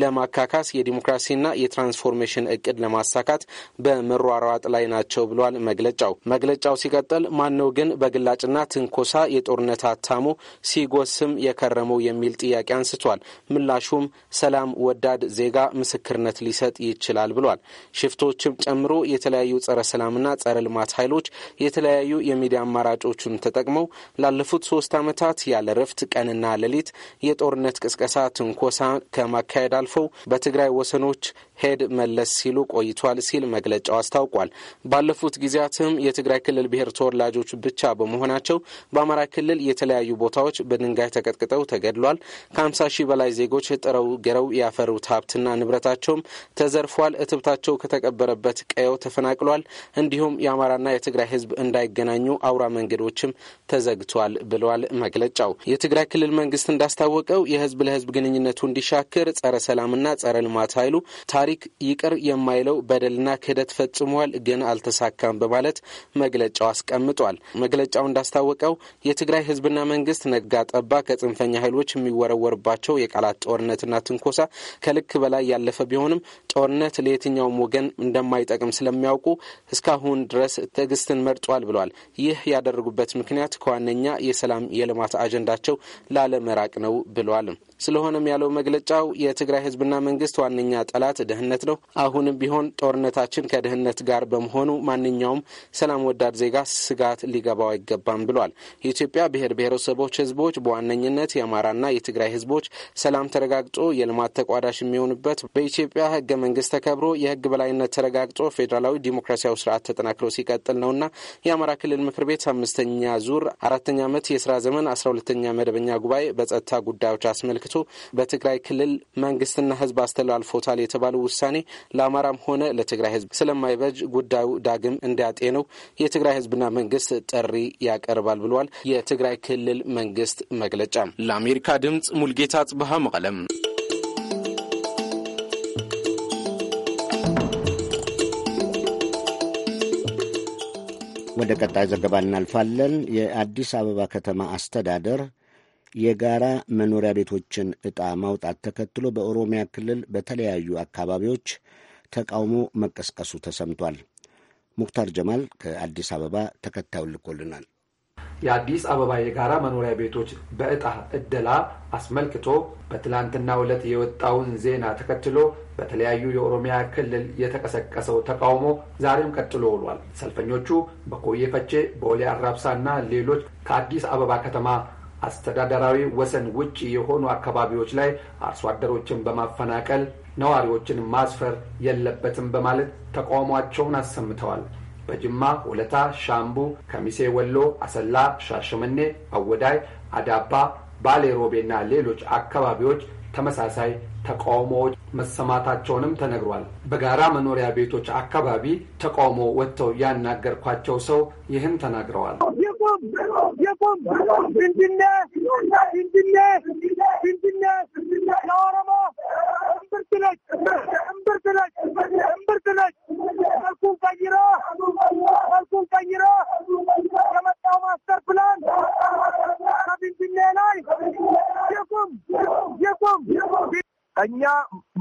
ለማካካስ የዲሞክራሲና የትራንስፎርሜሽን እቅድ ለማሳካት በመሯሯጥ ላይ ናቸው ብሏል መግለጫው። መግለጫው ሲቀጥል ማነው ግን በግላጭና ትንኮሳ የጦርነት አታሞ ሲጎስም የከረመው የሚል ጥያቄ አንስቷል። ምላሹም ሰላም ወዳድ ዜጋ ምስክርነት ሊሰጥ ይችላል ብሏል። ሽፍቶችም ጨምሮ የተለያዩ ጸረ ሰላምና ጸረ ልማት ኃይሎች የተለያዩ የሚዲያ አማራጮችን ተጠቅመው ላለፉት ሶስት ዓመታት ያለ ረፍት ቀንና ሌሊት የጦርነት ቅስቀሳ ትንኮሳ ከማካሄድ አልፈው በትግራይ ወሰኖች ሄድ መለስ ሲሉ ቆይቷል ሲል መግለጫው አስታውቋል። ባለፉት ጊዜያትም የትግራይ ክልል ብሔር ተወላጆች ብቻ በመሆናቸው በአማራ ክልል የተለያዩ ቦታዎች በድንጋይ ተቀጥቅጠው ተገድሏል። ከ50 ሺህ በላይ ዜጎች ጥረው ገረው ያፈሩት ሀብትና ንብረታቸውም ተዘርፏል። እትብታቸው ከተቀበረበት ቀየው ተፈናቅሏል። እንዲሁም የአማራና የትግራይ ህዝብ እንዳይገናኙ አውራ መንገዶችም ተዘግቷል ብሏል መግለጫው። የትግራይ ክልል መንግስት እንዳስታወቀው የህዝብ ለህዝብ ግንኙነቱ እንዲሻክር ጸረ ሰላምና ጸረ ልማት ኃይሉ ታሪክ ይቅር የማይለው በደልና ክህደት ፈጽሟል፣ ግን አልተሳካም በማለት መግለጫው አስቀምጧል። መግለጫው እንዳስታወቀው የትግራይ ህዝብና መንግስት ነጋ ጠባ ከጽንፈኛ ኃይሎች የሚወረወርባቸው የቃላት ጦርነትና ትንኮሳ ከልክ በላይ ያለፈ ቢሆንም ጦርነት ለየትኛውም ወገን እንደማይጠቅም ስለሚያውቁ እስካሁን ድረስ ትዕግስትን መርጧል ብሏል። ይህ ያደረጉበት ምክንያት ከዋነኛ የሰላም የልማት አጀንዳቸው ላለመራቅ ነው ብሏል። ስለሆነም ያለው መግለጫው የትግራይ ህዝብና መንግስት ዋነኛ ጠላት ድህነት ነው። አሁንም ቢሆን ጦርነታችን ከድህነት ጋር በመሆኑ ማንኛውም ሰላም ወዳድ ዜጋ ስጋት ሊገባው አይገባም ብሏል። የኢትዮጵያ ብሔር ብሔረሰቦች ህዝቦች በዋነኝነት የአማራና የትግራይ ህዝቦች ሰላም ተረጋግጦ የልማት ተቋዳሽ የሚሆኑበት በኢትዮጵያ ህገ መንግስት ተከብሮ የህግ በላይነት ተረጋግጦ ፌዴራላዊ ዲሞክራሲያዊ ስርዓት ተጠናክሮ ሲቀጥል ነውና የአማራ ክልል ምክር ቤት አምስተኛ ዙር አራተኛ ዓመት የስራ ዘመን አስራ ሁለተኛ መደበኛ ጉባኤ በጸጥታ ጉዳዮች አስመልክቶ አስመልክቶ በትግራይ ክልል መንግስትና ህዝብ አስተላልፎታል የተባለው ውሳኔ ለአማራም ሆነ ለትግራይ ህዝብ ስለማይበጅ ጉዳዩ ዳግም እንዲያጤነው የትግራይ ህዝብና መንግስት ጥሪ ያቀርባል ብሏል። የትግራይ ክልል መንግስት መግለጫ። ለአሜሪካ ድምፅ ሙልጌታ ጽብሃ መቀለም። ወደ ቀጣይ ዘገባ እናልፋለን። የአዲስ አበባ ከተማ አስተዳደር የጋራ መኖሪያ ቤቶችን ዕጣ ማውጣት ተከትሎ በኦሮሚያ ክልል በተለያዩ አካባቢዎች ተቃውሞ መቀስቀሱ ተሰምቷል። ሙክታር ጀማል ከአዲስ አበባ ተከታዩን ልኮልናል። የአዲስ አበባ የጋራ መኖሪያ ቤቶች በዕጣ ዕደላ አስመልክቶ በትላንትና ዕለት የወጣውን ዜና ተከትሎ በተለያዩ የኦሮሚያ ክልል የተቀሰቀሰው ተቃውሞ ዛሬም ቀጥሎ ውሏል። ሰልፈኞቹ በኮዬ ፈቼ፣ በቦሌ አራብሳ እና ሌሎች ከአዲስ አበባ ከተማ አስተዳደራዊ ወሰን ውጭ የሆኑ አካባቢዎች ላይ አርሶ አደሮችን በማፈናቀል ነዋሪዎችን ማስፈር የለበትም በማለት ተቃውሟቸውን አሰምተዋል። በጅማ፣ ሁለታ ሻምቡ፣ ከሚሴ፣ ወሎ፣ አሰላ፣ ሻሸመኔ፣ አወዳይ፣ አዳባ፣ ባሌ ሮቤና ሌሎች አካባቢዎች ተመሳሳይ ተቃውሞዎች መሰማታቸውንም ተነግሯል። በጋራ መኖሪያ ቤቶች አካባቢ ተቃውሞ ወጥተው ያናገርኳቸው ሰው ይህን ተናግረዋል። እኛ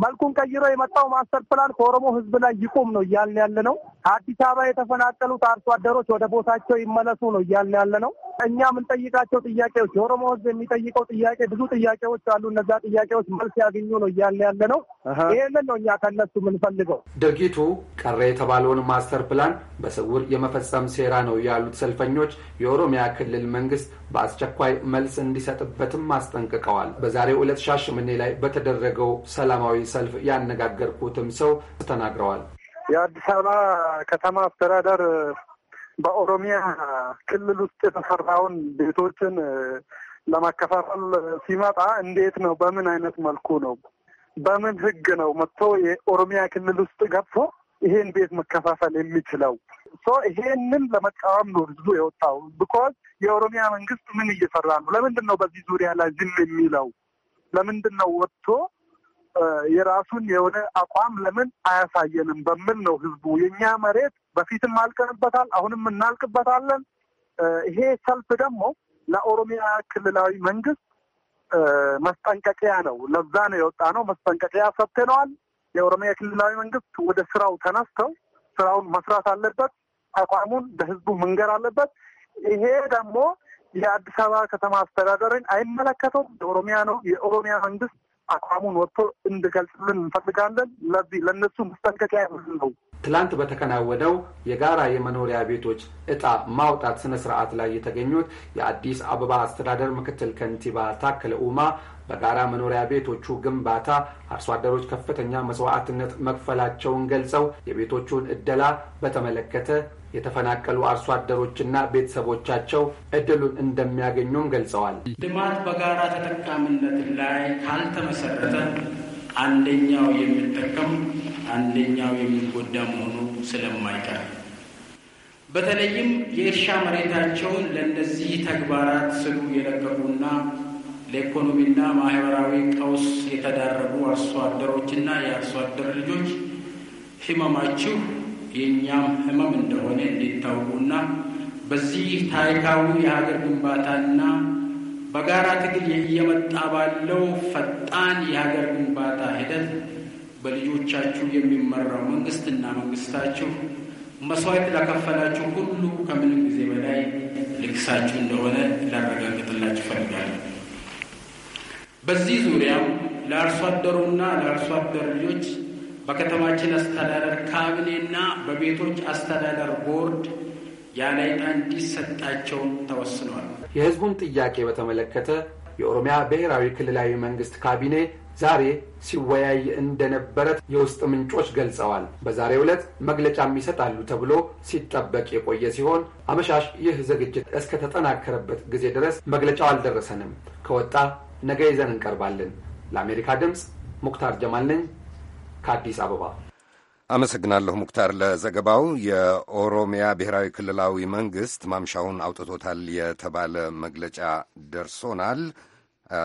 መልኩን ቀይሮ የመጣው ማስተር ፕላን ከኦሮሞ ሕዝብ ላይ ይቁም ነው እያልን ያለ ነው። አዲስ አበባ የተፈናቀሉት አርሶ አደሮች ወደ ቦታቸው ይመለሱ ነው እያልን ያለ ነው። እኛ የምንጠይቃቸው ጥያቄዎች የኦሮሞ ሕዝብ የሚጠይቀው ጥያቄ ብዙ ጥያቄዎች አሉ። እነዛ ጥያቄዎች መልስ ያገኙ ነው እያለ ያለ ነው። ይህንን ነው እኛ ከነሱ የምንፈልገው። ድርጊቱ ቀረ የተባለውን ማስተር ፕላን በስውር የመፈጸም ሴራ ነው ያሉት ሰልፈኞች የኦሮሚያ ክልል መንግስት በአስቸኳይ መልስ እንዲሰጥበትም አስጠንቅቀዋል። በዛሬው ዕለት ሻሸመኔ ላይ በተደረገው ሰላማዊ ሰልፍ ያነጋገርኩትም ሰው ተናግረዋል። የአዲስ አበባ ከተማ አስተዳደር በኦሮሚያ ክልል ውስጥ የተሰራውን ቤቶችን ለማከፋፈል ሲመጣ እንዴት ነው? በምን አይነት መልኩ ነው? በምን ህግ ነው መጥቶ የኦሮሚያ ክልል ውስጥ ገብቶ ይሄን ቤት መከፋፈል የሚችለው? ሶ ይሄንን ለመቃወም ነው ህዝቡ የወጣው። ቢኮዝ የኦሮሚያ መንግስት ምን እየሰራ ነው? ለምንድን ነው በዚህ ዙሪያ ላይ ዝም የሚለው? ለምንድን ነው ወጥቶ የራሱን የሆነ አቋም ለምን አያሳየንም በሚል ነው ህዝቡ። የእኛ መሬት በፊትም አልቀንበታል፣ አሁንም እናልቅበታለን። ይሄ ሰልፍ ደግሞ ለኦሮሚያ ክልላዊ መንግስት መስጠንቀቂያ ነው። ለዛ ነው የወጣ ነው። መስጠንቀቂያ ሰጥተነዋል። የኦሮሚያ ክልላዊ መንግስት ወደ ስራው ተነስተው ስራውን መስራት አለበት። አቋሙን ለህዝቡ መንገር አለበት። ይሄ ደግሞ የአዲስ አበባ ከተማ አስተዳደርን አይመለከተውም። የኦሮሚያ ነው። የኦሮሚያ መንግስት አቋሙን ወጥቶ እንድገልጽልን እንፈልጋለን። ለዚህ ለእነሱ ማስጠንቀቂያ ነው። ትላንት በተከናወነው የጋራ የመኖሪያ ቤቶች እጣ ማውጣት ስነ ስርዓት ላይ የተገኙት የአዲስ አበባ አስተዳደር ምክትል ከንቲባ ታከለ ኡማ በጋራ መኖሪያ ቤቶቹ ግንባታ አርሶ አደሮች ከፍተኛ መስዋዕትነት መክፈላቸውን ገልጸው የቤቶቹን እደላ በተመለከተ የተፈናቀሉ አርሶ አደሮችና ቤተሰቦቻቸው እድሉን እንደሚያገኙም ገልጸዋል። ልማት በጋራ ተጠቃሚነት ላይ ካልተመሰረተ አንደኛው የሚጠቀም አንደኛው የሚጎዳ መሆኑ ስለማይቀር በተለይም የእርሻ መሬታቸውን ለእነዚህ ተግባራት ስሉ የለቀቁና ለኢኮኖሚና ማህበራዊ ቀውስ የተዳረጉ አርሶ አደሮችና የአርሶ አደር ልጆች ህመማችሁ የእኛም ህመም እንደሆነ እንዲታውቁና በዚህ ታሪካዊ የሀገር ግንባታና በጋራ ትግል እየመጣ ባለው ፈጣን የሀገር ግንባታ ሂደት በልጆቻችሁ የሚመራው መንግስትና መንግስታችሁ መስዋዕት ለከፈላችሁ ሁሉ ከምንም ጊዜ በላይ ልግሳችሁ እንደሆነ ላረጋግጥላችሁ ፈልጋለሁ። በዚህ ዙሪያም ለአርሶ አደሩና ለአርሶ አደር ልጆች በከተማችን አስተዳደር ካቢኔና በቤቶች አስተዳደር ቦርድ ያለዕጣ እንዲሰጣቸው ተወስኗል። የህዝቡን ጥያቄ በተመለከተ የኦሮሚያ ብሔራዊ ክልላዊ መንግስት ካቢኔ ዛሬ ሲወያይ እንደነበረ የውስጥ ምንጮች ገልጸዋል። በዛሬው ዕለት መግለጫም ይሰጣሉ ተብሎ ሲጠበቅ የቆየ ሲሆን አመሻሽ ይህ ዝግጅት እስከተጠናከረበት ጊዜ ድረስ መግለጫው አልደረሰንም። ከወጣ ነገ ይዘን እንቀርባለን። ለአሜሪካ ድምፅ ሙክታር ጀማል ነኝ ከአዲስ አበባ አመሰግናለሁ ሙክታር ለዘገባው። የኦሮሚያ ብሔራዊ ክልላዊ መንግስት ማምሻውን አውጥቶታል የተባለ መግለጫ ደርሶናል።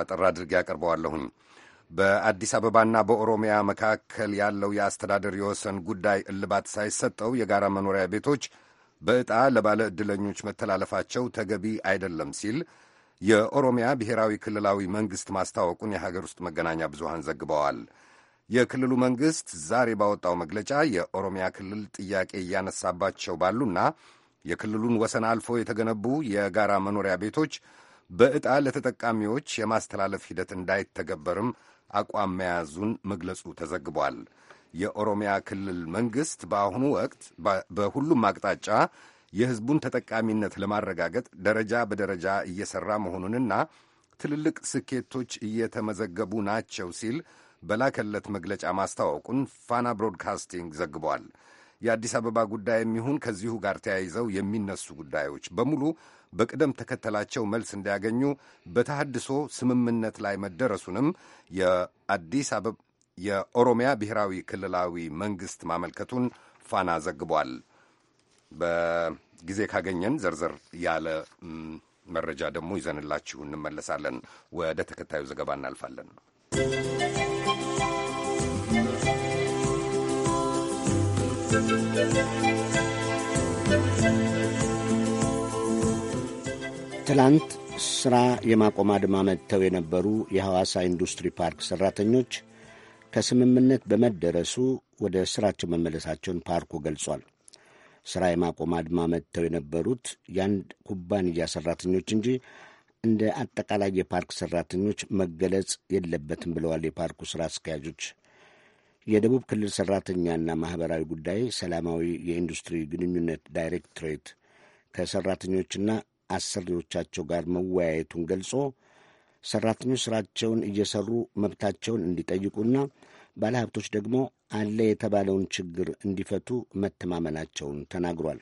ጥራ አድርጌ ያቀርበዋለሁኝ። በአዲስ አበባና በኦሮሚያ መካከል ያለው የአስተዳደር የወሰን ጉዳይ እልባት ሳይሰጠው የጋራ መኖሪያ ቤቶች በዕጣ ለባለ ዕድለኞች መተላለፋቸው ተገቢ አይደለም ሲል የኦሮሚያ ብሔራዊ ክልላዊ መንግስት ማስታወቁን የሀገር ውስጥ መገናኛ ብዙሃን ዘግበዋል። የክልሉ መንግሥት ዛሬ ባወጣው መግለጫ የኦሮሚያ ክልል ጥያቄ እያነሳባቸው ባሉና የክልሉን ወሰን አልፎ የተገነቡ የጋራ መኖሪያ ቤቶች በዕጣ ለተጠቃሚዎች የማስተላለፍ ሂደት እንዳይተገበርም አቋም መያዙን መግለጹ ተዘግቧል። የኦሮሚያ ክልል መንግሥት በአሁኑ ወቅት በሁሉም አቅጣጫ የሕዝቡን ተጠቃሚነት ለማረጋገጥ ደረጃ በደረጃ እየሠራ መሆኑንና ትልልቅ ስኬቶች እየተመዘገቡ ናቸው ሲል በላከለት መግለጫ ማስታወቁን ፋና ብሮድካስቲንግ ዘግቧል። የአዲስ አበባ ጉዳይም የሚሆን ከዚሁ ጋር ተያይዘው የሚነሱ ጉዳዮች በሙሉ በቅደም ተከተላቸው መልስ እንዲያገኙ በተሃድሶ ስምምነት ላይ መደረሱንም የአዲስ አበባ የኦሮሚያ ብሔራዊ ክልላዊ መንግስት ማመልከቱን ፋና ዘግቧል። በጊዜ ካገኘን ዘርዘር ያለ መረጃ ደግሞ ይዘንላችሁ እንመለሳለን። ወደ ተከታዩ ዘገባ እናልፋለን። ትላንት ሥራ የማቆም አድማ መጥተው የነበሩ የሐዋሳ ኢንዱስትሪ ፓርክ ሠራተኞች ከስምምነት በመደረሱ ወደ ሥራቸው መመለሳቸውን ፓርኩ ገልጿል። ሥራ የማቆም አድማ መጥተው የነበሩት የአንድ ኩባንያ ሠራተኞች እንጂ እንደ አጠቃላይ የፓርክ ሠራተኞች መገለጽ የለበትም ብለዋል የፓርኩ ሥራ አስኪያጆች የደቡብ ክልል ሰራተኛና ማህበራዊ ጉዳይ ሰላማዊ የኢንዱስትሪ ግንኙነት ዳይሬክቶሬት ከሰራተኞችና አሰሪዎቻቸው ጋር መወያየቱን ገልጾ ሰራተኞች ስራቸውን እየሰሩ መብታቸውን እንዲጠይቁና ባለሀብቶች ደግሞ አለ የተባለውን ችግር እንዲፈቱ መተማመናቸውን ተናግሯል።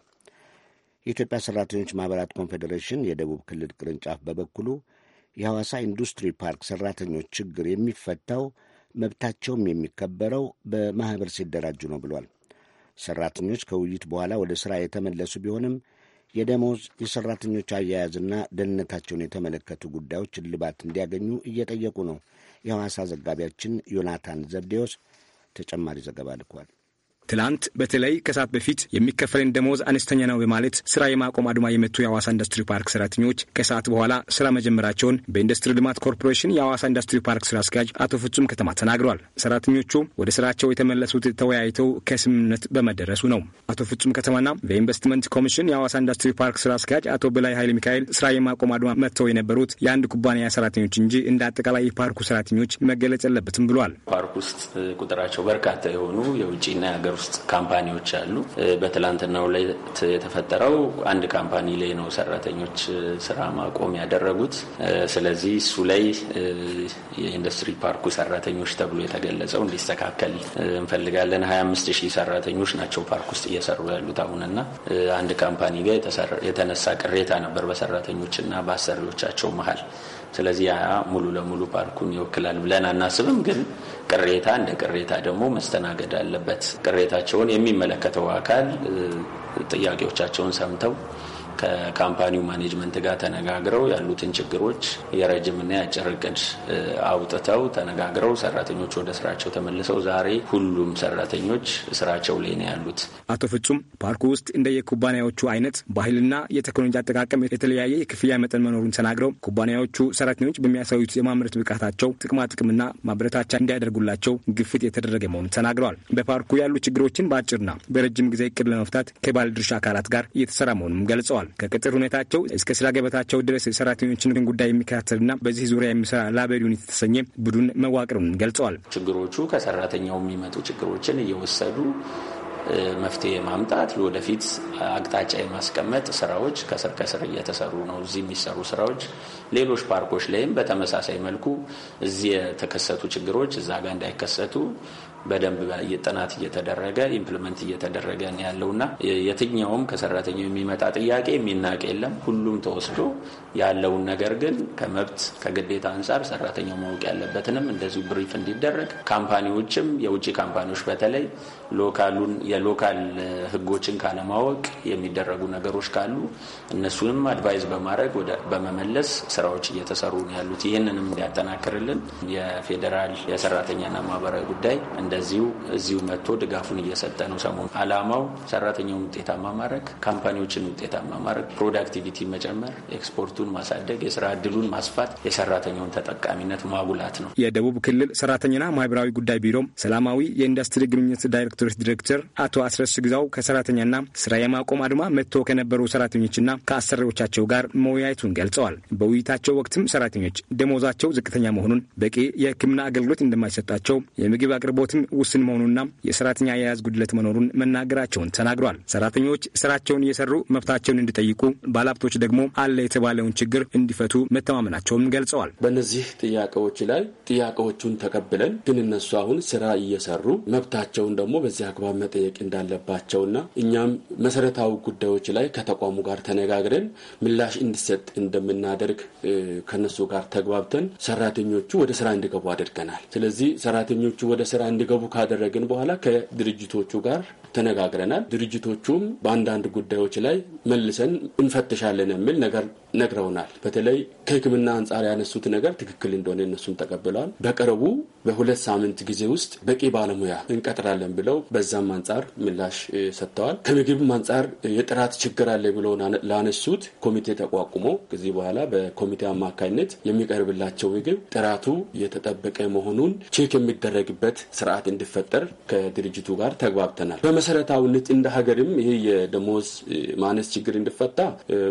የኢትዮጵያ ሰራተኞች ማህበራት ኮንፌዴሬሽን የደቡብ ክልል ቅርንጫፍ በበኩሉ የሐዋሳ ኢንዱስትሪ ፓርክ ሰራተኞች ችግር የሚፈታው መብታቸውም የሚከበረው በማኅበር ሲደራጁ ነው ብሏል። ሠራተኞች ከውይይት በኋላ ወደ ሥራ የተመለሱ ቢሆንም የደሞዝ የሠራተኞች አያያዝና ደህንነታቸውን የተመለከቱ ጉዳዮች እልባት እንዲያገኙ እየጠየቁ ነው። የሐዋሳ ዘጋቢያችን ዮናታን ዘብዴዎስ ተጨማሪ ዘገባ ልኳል። ትላንት በተለይ ከሰዓት በፊት የሚከፈለን ደሞዝ አነስተኛ ነው በማለት ስራ የማቆም አድማ የመቱ የአዋሳ ኢንዱስትሪ ፓርክ ሰራተኞች ከሰዓት በኋላ ስራ መጀመራቸውን በኢንዱስትሪ ልማት ኮርፖሬሽን የአዋሳ ኢንዱስትሪ ፓርክ ስራ አስኪያጅ አቶ ፍጹም ከተማ ተናግሯል። ሰራተኞቹ ወደ ስራቸው የተመለሱት ተወያይተው ከስምምነት በመደረሱ ነው። አቶ ፍጹም ከተማና በኢንቨስትመንት ኮሚሽን የአዋሳ ኢንዱስትሪ ፓርክ ስራ አስኪያጅ አቶ በላይ ኃይለ ሚካኤል ስራ የማቆም አድማ መጥተው የነበሩት የአንድ ኩባንያ ሰራተኞች እንጂ እንደ አጠቃላይ የፓርኩ ሰራተኞች መገለጽ የለበትም ብሏል። ፓርክ ውስጥ ቁጥራቸው በርካታ የሆኑ የውጭና የሀገር ውስጥ ካምፓኒዎች አሉ። በትላንትናው ዕለት የተፈጠረው አንድ ካምፓኒ ላይ ነው ሰራተኞች ስራ ማቆም ያደረጉት። ስለዚህ እሱ ላይ የኢንዱስትሪ ፓርኩ ሰራተኞች ተብሎ የተገለጸው እንዲስተካከል እንፈልጋለን። 25 ሺህ ሰራተኞች ናቸው ፓርክ ውስጥ እየሰሩ ያሉት አሁንና አንድ ካምፓኒ ጋር የተነሳ ቅሬታ ነበር በሰራተኞችና በአሰሪዎቻቸው መሀል ስለዚህ ያ ሙሉ ለሙሉ ፓርኩን ይወክላል ብለን አናስብም። ግን ቅሬታ እንደ ቅሬታ ደግሞ መስተናገድ አለበት። ቅሬታቸውን የሚመለከተው አካል ጥያቄዎቻቸውን ሰምተው ከካምፓኒው ማኔጅመንት ጋር ተነጋግረው ያሉትን ችግሮች የረጅምና የአጭር እቅድ አውጥተው ተነጋግረው ሰራተኞች ወደ ስራቸው ተመልሰው ዛሬ ሁሉም ሰራተኞች ስራቸው ላይ ነው ያሉት አቶ ፍጹም ፓርኩ ውስጥ እንደ የኩባንያዎቹ አይነት ባህልና የቴክኖሎጂ አጠቃቀም የተለያየ የክፍያ መጠን መኖሩን ተናግረው ኩባንያዎቹ ሰራተኞች በሚያሳዩት የማምረት ብቃታቸው ጥቅማ ጥቅምና ማበረታቻ እንዲያደርጉላቸው ግፊት የተደረገ መሆኑን ተናግረዋል። በፓርኩ ያሉ ችግሮችን በአጭርና በረጅም ጊዜ እቅድ ለመፍታት ከባለድርሻ አካላት ጋር እየተሰራ መሆኑም ገልጸዋል። ገልጸዋል። ከቅጥር ሁኔታቸው እስከ ስራ ገበታቸው ድረስ ሰራተኞችን ጉዳይ የሚከታተልና በዚህ ዙሪያ የሚሰራ ላበር ዩኒት የተሰኘ ቡድን መዋቅሩን ገልጸዋል። ችግሮቹ ከሰራተኛው የሚመጡ ችግሮችን እየወሰዱ መፍትሄ ማምጣት ወደፊት አቅጣጫ የማስቀመጥ ስራዎች ከስር ከስር እየተሰሩ ነው። እዚህ የሚሰሩ ስራዎች ሌሎች ፓርኮች ላይም በተመሳሳይ መልኩ እዚህ የተከሰቱ ችግሮች እዛ ጋር እንዳይከሰቱ በደንብ ጥናት እየተደረገ ኢምፕልመንት እየተደረገ ነው ያለውና የትኛውም ከሰራተኛው የሚመጣ ጥያቄ የሚናቅ የለም። ሁሉም ተወስዶ ያለውን ነገር ግን ከመብት ከግዴታ አንጻር ሰራተኛው ማወቅ ያለበትንም እንደዚሁ ብሪፍ እንዲደረግ ካምፓኒዎችም የውጭ ካምፓኒዎች በተለይ ሎካሉን የሎካል ህጎችን ካለማወቅ የሚደረጉ ነገሮች ካሉ እነሱንም አድቫይዝ በማድረግ በመመለስ ስራዎች እየተሰሩ ነው ያሉት። ይህንንም እንዲያጠናክርልን የፌዴራል የሰራተኛና ማህበራዊ ጉዳይ እንደ እንደዚሁ እዚሁ መጥቶ ድጋፉን እየሰጠ ነው። ሰሞኑ አላማው ሰራተኛውን ውጤታማ ማድረግ፣ ካምፓኒዎችን ውጤታማ ማድረግ፣ ፕሮዳክቲቪቲ መጨመር፣ ኤክስፖርቱን ማሳደግ፣ የስራ እድሉን ማስፋት፣ የሰራተኛውን ተጠቃሚነት ማጉላት ነው። የደቡብ ክልል ሰራተኛና ማህበራዊ ጉዳይ ቢሮ ሰላማዊ የኢንዱስትሪ ግንኙነት ዳይሬክቶሬት ዲሬክተር አቶ አስረስ ግዛው ከሰራተኛና ስራ የማቆም አድማ መጥቶ ከነበሩ ሰራተኞችና ከአሰሪዎቻቸው ጋር መወያየቱን ገልጸዋል። በውይይታቸው ወቅትም ሰራተኞች ደሞዛቸው ዝቅተኛ መሆኑን፣ በቂ የሕክምና አገልግሎት እንደማይሰጣቸው፣ የምግብ አቅርቦትም ውስን መሆኑና የሰራተኛ የያዝ ጉድለት መኖሩን መናገራቸውን ተናግሯል። ሰራተኞች ስራቸውን እየሰሩ መብታቸውን እንዲጠይቁ፣ ባለሀብቶች ደግሞ አለ የተባለውን ችግር እንዲፈቱ መተማመናቸውን ገልጸዋል። በእነዚህ ጥያቄዎች ላይ ጥያቄዎቹን ተቀብለን ግን እነሱ አሁን ስራ እየሰሩ መብታቸውን ደግሞ በዚህ አግባብ መጠየቅ እንዳለባቸውና እኛም መሰረታዊ ጉዳዮች ላይ ከተቋሙ ጋር ተነጋግረን ምላሽ እንዲሰጥ እንደምናደርግ ከነሱ ጋር ተግባብተን ሰራተኞቹ ወደ ስራ እንዲገቡ አድርገናል። ስለዚህ ሰራተኞቹ ወደ ስራ እንዲገቡ እንዲገቡ ካደረግን በኋላ ከድርጅቶቹ ጋር ተነጋግረናል። ድርጅቶቹም በአንዳንድ ጉዳዮች ላይ መልሰን እንፈትሻለን የሚል ነገር ነግረውናል። በተለይ ከሕክምና አንጻር ያነሱት ነገር ትክክል እንደሆነ እነሱም ተቀብለዋል። በቅርቡ በሁለት ሳምንት ጊዜ ውስጥ በቂ ባለሙያ እንቀጥራለን ብለው በዛም አንጻር ምላሽ ሰጥተዋል። ከምግብም አንጻር የጥራት ችግር አለ ብለው ላነሱት ኮሚቴ ተቋቁሞ ከዚህ በኋላ በኮሚቴ አማካኝነት የሚቀርብላቸው ምግብ ጥራቱ የተጠበቀ መሆኑን ቼክ የሚደረግበት ስርዓት ስርዓት እንዲፈጠር ከድርጅቱ ጋር ተግባብተናል። በመሰረታዊነት እንደ ሀገርም ይሄ የደሞዝ ማነስ ችግር እንዲፈታ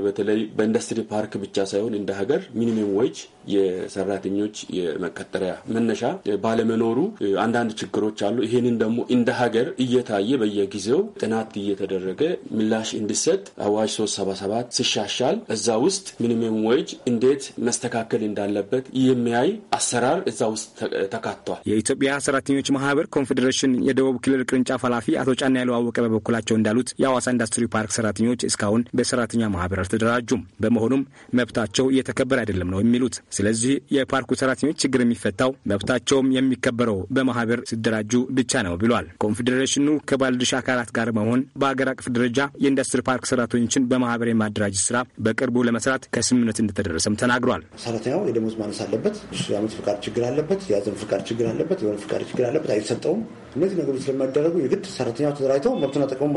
በተለይ በኢንዱስትሪ ፓርክ ብቻ ሳይሆን እንደ ሀገር ሚኒመም ወጅ የሰራተኞች የመቀጠሪያ መነሻ ባለመኖሩ አንዳንድ ችግሮች አሉ። ይህንን ደግሞ እንደ ሀገር እየታየ በየጊዜው ጥናት እየተደረገ ምላሽ እንዲሰጥ አዋጅ 377 ሲሻሻል እዛ ውስጥ ሚኒመም ወጅ እንዴት መስተካከል እንዳለበት የሚያይ አሰራር እዛ ውስጥ ተካቷል። የኢትዮጵያ ሰራተኞች ማ ማህበር ኮንፌዴሬሽን የደቡብ ክልል ቅርንጫፍ ኃላፊ አቶ ጫና ያለው አወቀ በበኩላቸው እንዳሉት የአዋሳ ኢንዱስትሪ ፓርክ ሰራተኞች እስካሁን በሰራተኛ ማህበር አልተደራጁም። በመሆኑም መብታቸው እየተከበረ አይደለም ነው የሚሉት። ስለዚህ የፓርኩ ሰራተኞች ችግር የሚፈታው መብታቸውም የሚከበረው በማህበር ሲደራጁ ብቻ ነው ብሏል። ኮንፌዴሬሽኑ ከባለድርሻ አካላት ጋር በመሆን በሀገር አቀፍ ደረጃ የኢንዱስትሪ ፓርክ ሰራተኞችን በማህበር የማደራጀት ስራ በቅርቡ ለመስራት ከስምምነት እንደተደረሰም ተናግሯል። ሰራተኛው የደሞዝ ማነስ አለበት፣ የአመት ፍቃድ ችግር አለበት፣ የያዘን ፍቃድ ችግር አለበት፣ የሆነ ፍቃድ ችግር አለበት የተሰጠውም እነዚህ ነገሮች ስለሚያደረጉ የግድ ሰራተኛው ተደራጅቶ መብቱና ጥቅሙ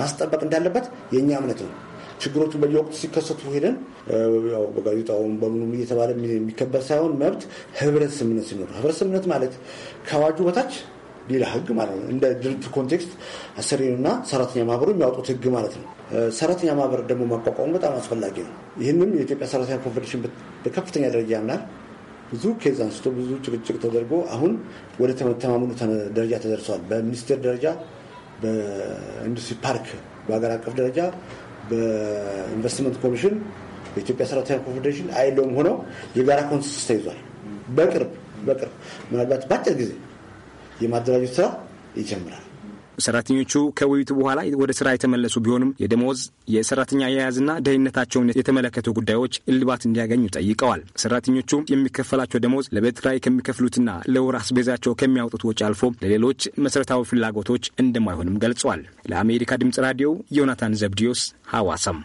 ማስጠበቅ እንዳለበት የእኛ እምነት ነው። ችግሮቹ በየወቅቱ ሲከሰቱ ሄደን በጋዜጣውም በምኑም እየተባለ የሚከበር ሳይሆን መብት ህብረት ስምነት ሲኖር ህብረት ስምነት ማለት ከአዋጁ በታች ሌላ ህግ ማለት ነው። እንደ ድርጅቱ ኮንቴክስት አሰሪንና ሰራተኛ ማህበሩ የሚያወጡት ህግ ማለት ነው። ሰራተኛ ማህበር ደግሞ ማቋቋሙ በጣም አስፈላጊ ነው። ይህንም የኢትዮጵያ ሰራተኛ ኮንፌዴሬሽን በከፍተኛ ደረጃ ያምናል። ብዙ ኬዝ አንስቶ ብዙ ጭቅጭቅ ተደርጎ አሁን ወደ ተመተማመኑ ደረጃ ተደርሰዋል። በሚኒስቴር ደረጃ፣ በኢንዱስትሪ ፓርክ፣ በሀገር አቀፍ ደረጃ፣ በኢንቨስትመንት ኮሚሽን፣ በኢትዮጵያ ሰራተኛ ኮንፌዴሬሽን አይለውም ሆነው የጋራ ኮንሰንሰስ ተይዟል። በቅርብ በቅርብ ምናልባት በአጭር ጊዜ የማደራጀት ስራ ይጀምራል። ሰራተኞቹ ከውይይቱ በኋላ ወደ ስራ የተመለሱ ቢሆንም የደሞዝ የሰራተኛ አያያዝና ደህንነታቸውን የተመለከቱ ጉዳዮች እልባት እንዲያገኙ ጠይቀዋል። ሰራተኞቹ የሚከፈላቸው ደሞዝ ለቤት ኪራይ ከሚከፍሉትና ለወር አስቤዛቸው ከሚያወጡት ወጪ አልፎ ለሌሎች መሰረታዊ ፍላጎቶች እንደማይሆንም ገልጿል። ለአሜሪካ ድምጽ ራዲዮ ዮናታን ዘብዲዮስ ሐዋሳም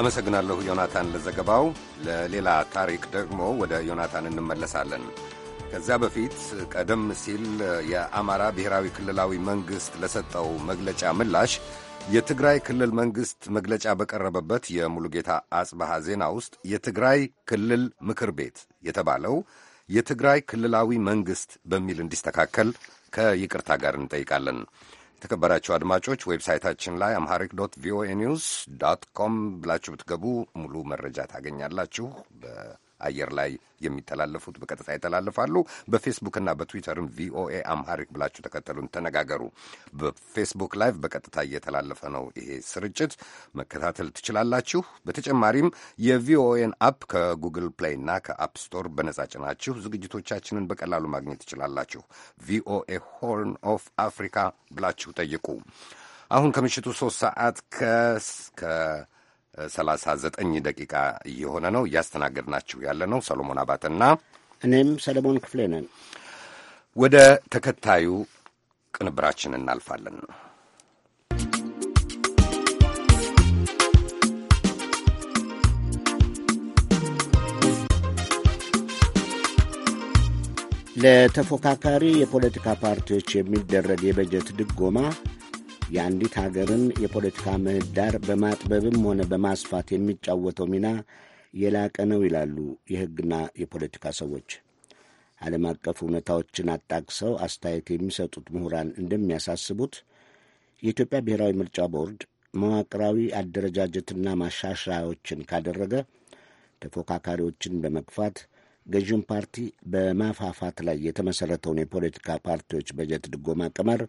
አመሰግናለሁ ዮናታን ለዘገባው። ለሌላ ታሪክ ደግሞ ወደ ዮናታን እንመለሳለን። ከዚያ በፊት ቀደም ሲል የአማራ ብሔራዊ ክልላዊ መንግሥት ለሰጠው መግለጫ ምላሽ የትግራይ ክልል መንግሥት መግለጫ በቀረበበት የሙሉጌታ አጽባሃ ዜና ውስጥ የትግራይ ክልል ምክር ቤት የተባለው የትግራይ ክልላዊ መንግሥት በሚል እንዲስተካከል ከይቅርታ ጋር እንጠይቃለን። የተከበራችሁ አድማጮች ዌብሳይታችን ላይ አምሃሪክ ዶት ቪኦኤ ኒውስ ዶት ኮም ብላችሁ ብትገቡ ሙሉ መረጃ ታገኛላችሁ። አየር ላይ የሚተላለፉት በቀጥታ ይተላለፋሉ። በፌስቡክና በትዊተርም ቪኦኤ አምሃሪክ ብላችሁ ተከተሉን፣ ተነጋገሩ። በፌስቡክ ላይቭ በቀጥታ እየተላለፈ ነው ይሄ ስርጭት፣ መከታተል ትችላላችሁ። በተጨማሪም የቪኦኤን አፕ ከጉግል ፕሌይና ከአፕ ስቶር በነጻ ጭናችሁ ዝግጅቶቻችንን በቀላሉ ማግኘት ትችላላችሁ። ቪኦኤ ሆርን ኦፍ አፍሪካ ብላችሁ ጠይቁ። አሁን ከምሽቱ ሶስት ሰዓት ከ 39 ደቂቃ እየሆነ ነው። እያስተናገድናችሁ ያለ ነው ሰሎሞን አባትና እኔም ሰለሞን ክፍሌ ነን። ወደ ተከታዩ ቅንብራችን እናልፋለን። ለተፎካካሪ የፖለቲካ ፓርቲዎች የሚደረግ የበጀት ድጎማ የአንዲት ሀገርን የፖለቲካ ምህዳር በማጥበብም ሆነ በማስፋት የሚጫወተው ሚና የላቀ ነው ይላሉ የሕግና የፖለቲካ ሰዎች። ዓለም አቀፍ እውነታዎችን አጣቅሰው አስተያየት የሚሰጡት ምሁራን እንደሚያሳስቡት የኢትዮጵያ ብሔራዊ ምርጫ ቦርድ መዋቅራዊ አደረጃጀትና ማሻሻያዎችን ካደረገ ተፎካካሪዎችን በመግፋት ገዢውን ፓርቲ በማፋፋት ላይ የተመሠረተውን የፖለቲካ ፓርቲዎች በጀት ድጎማ ቀመር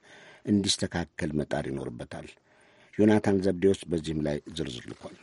እንዲስተካከል መጣር ይኖርበታል። ዮናታን ዘብዴዎስ በዚህም ላይ ዝርዝር ልኳል።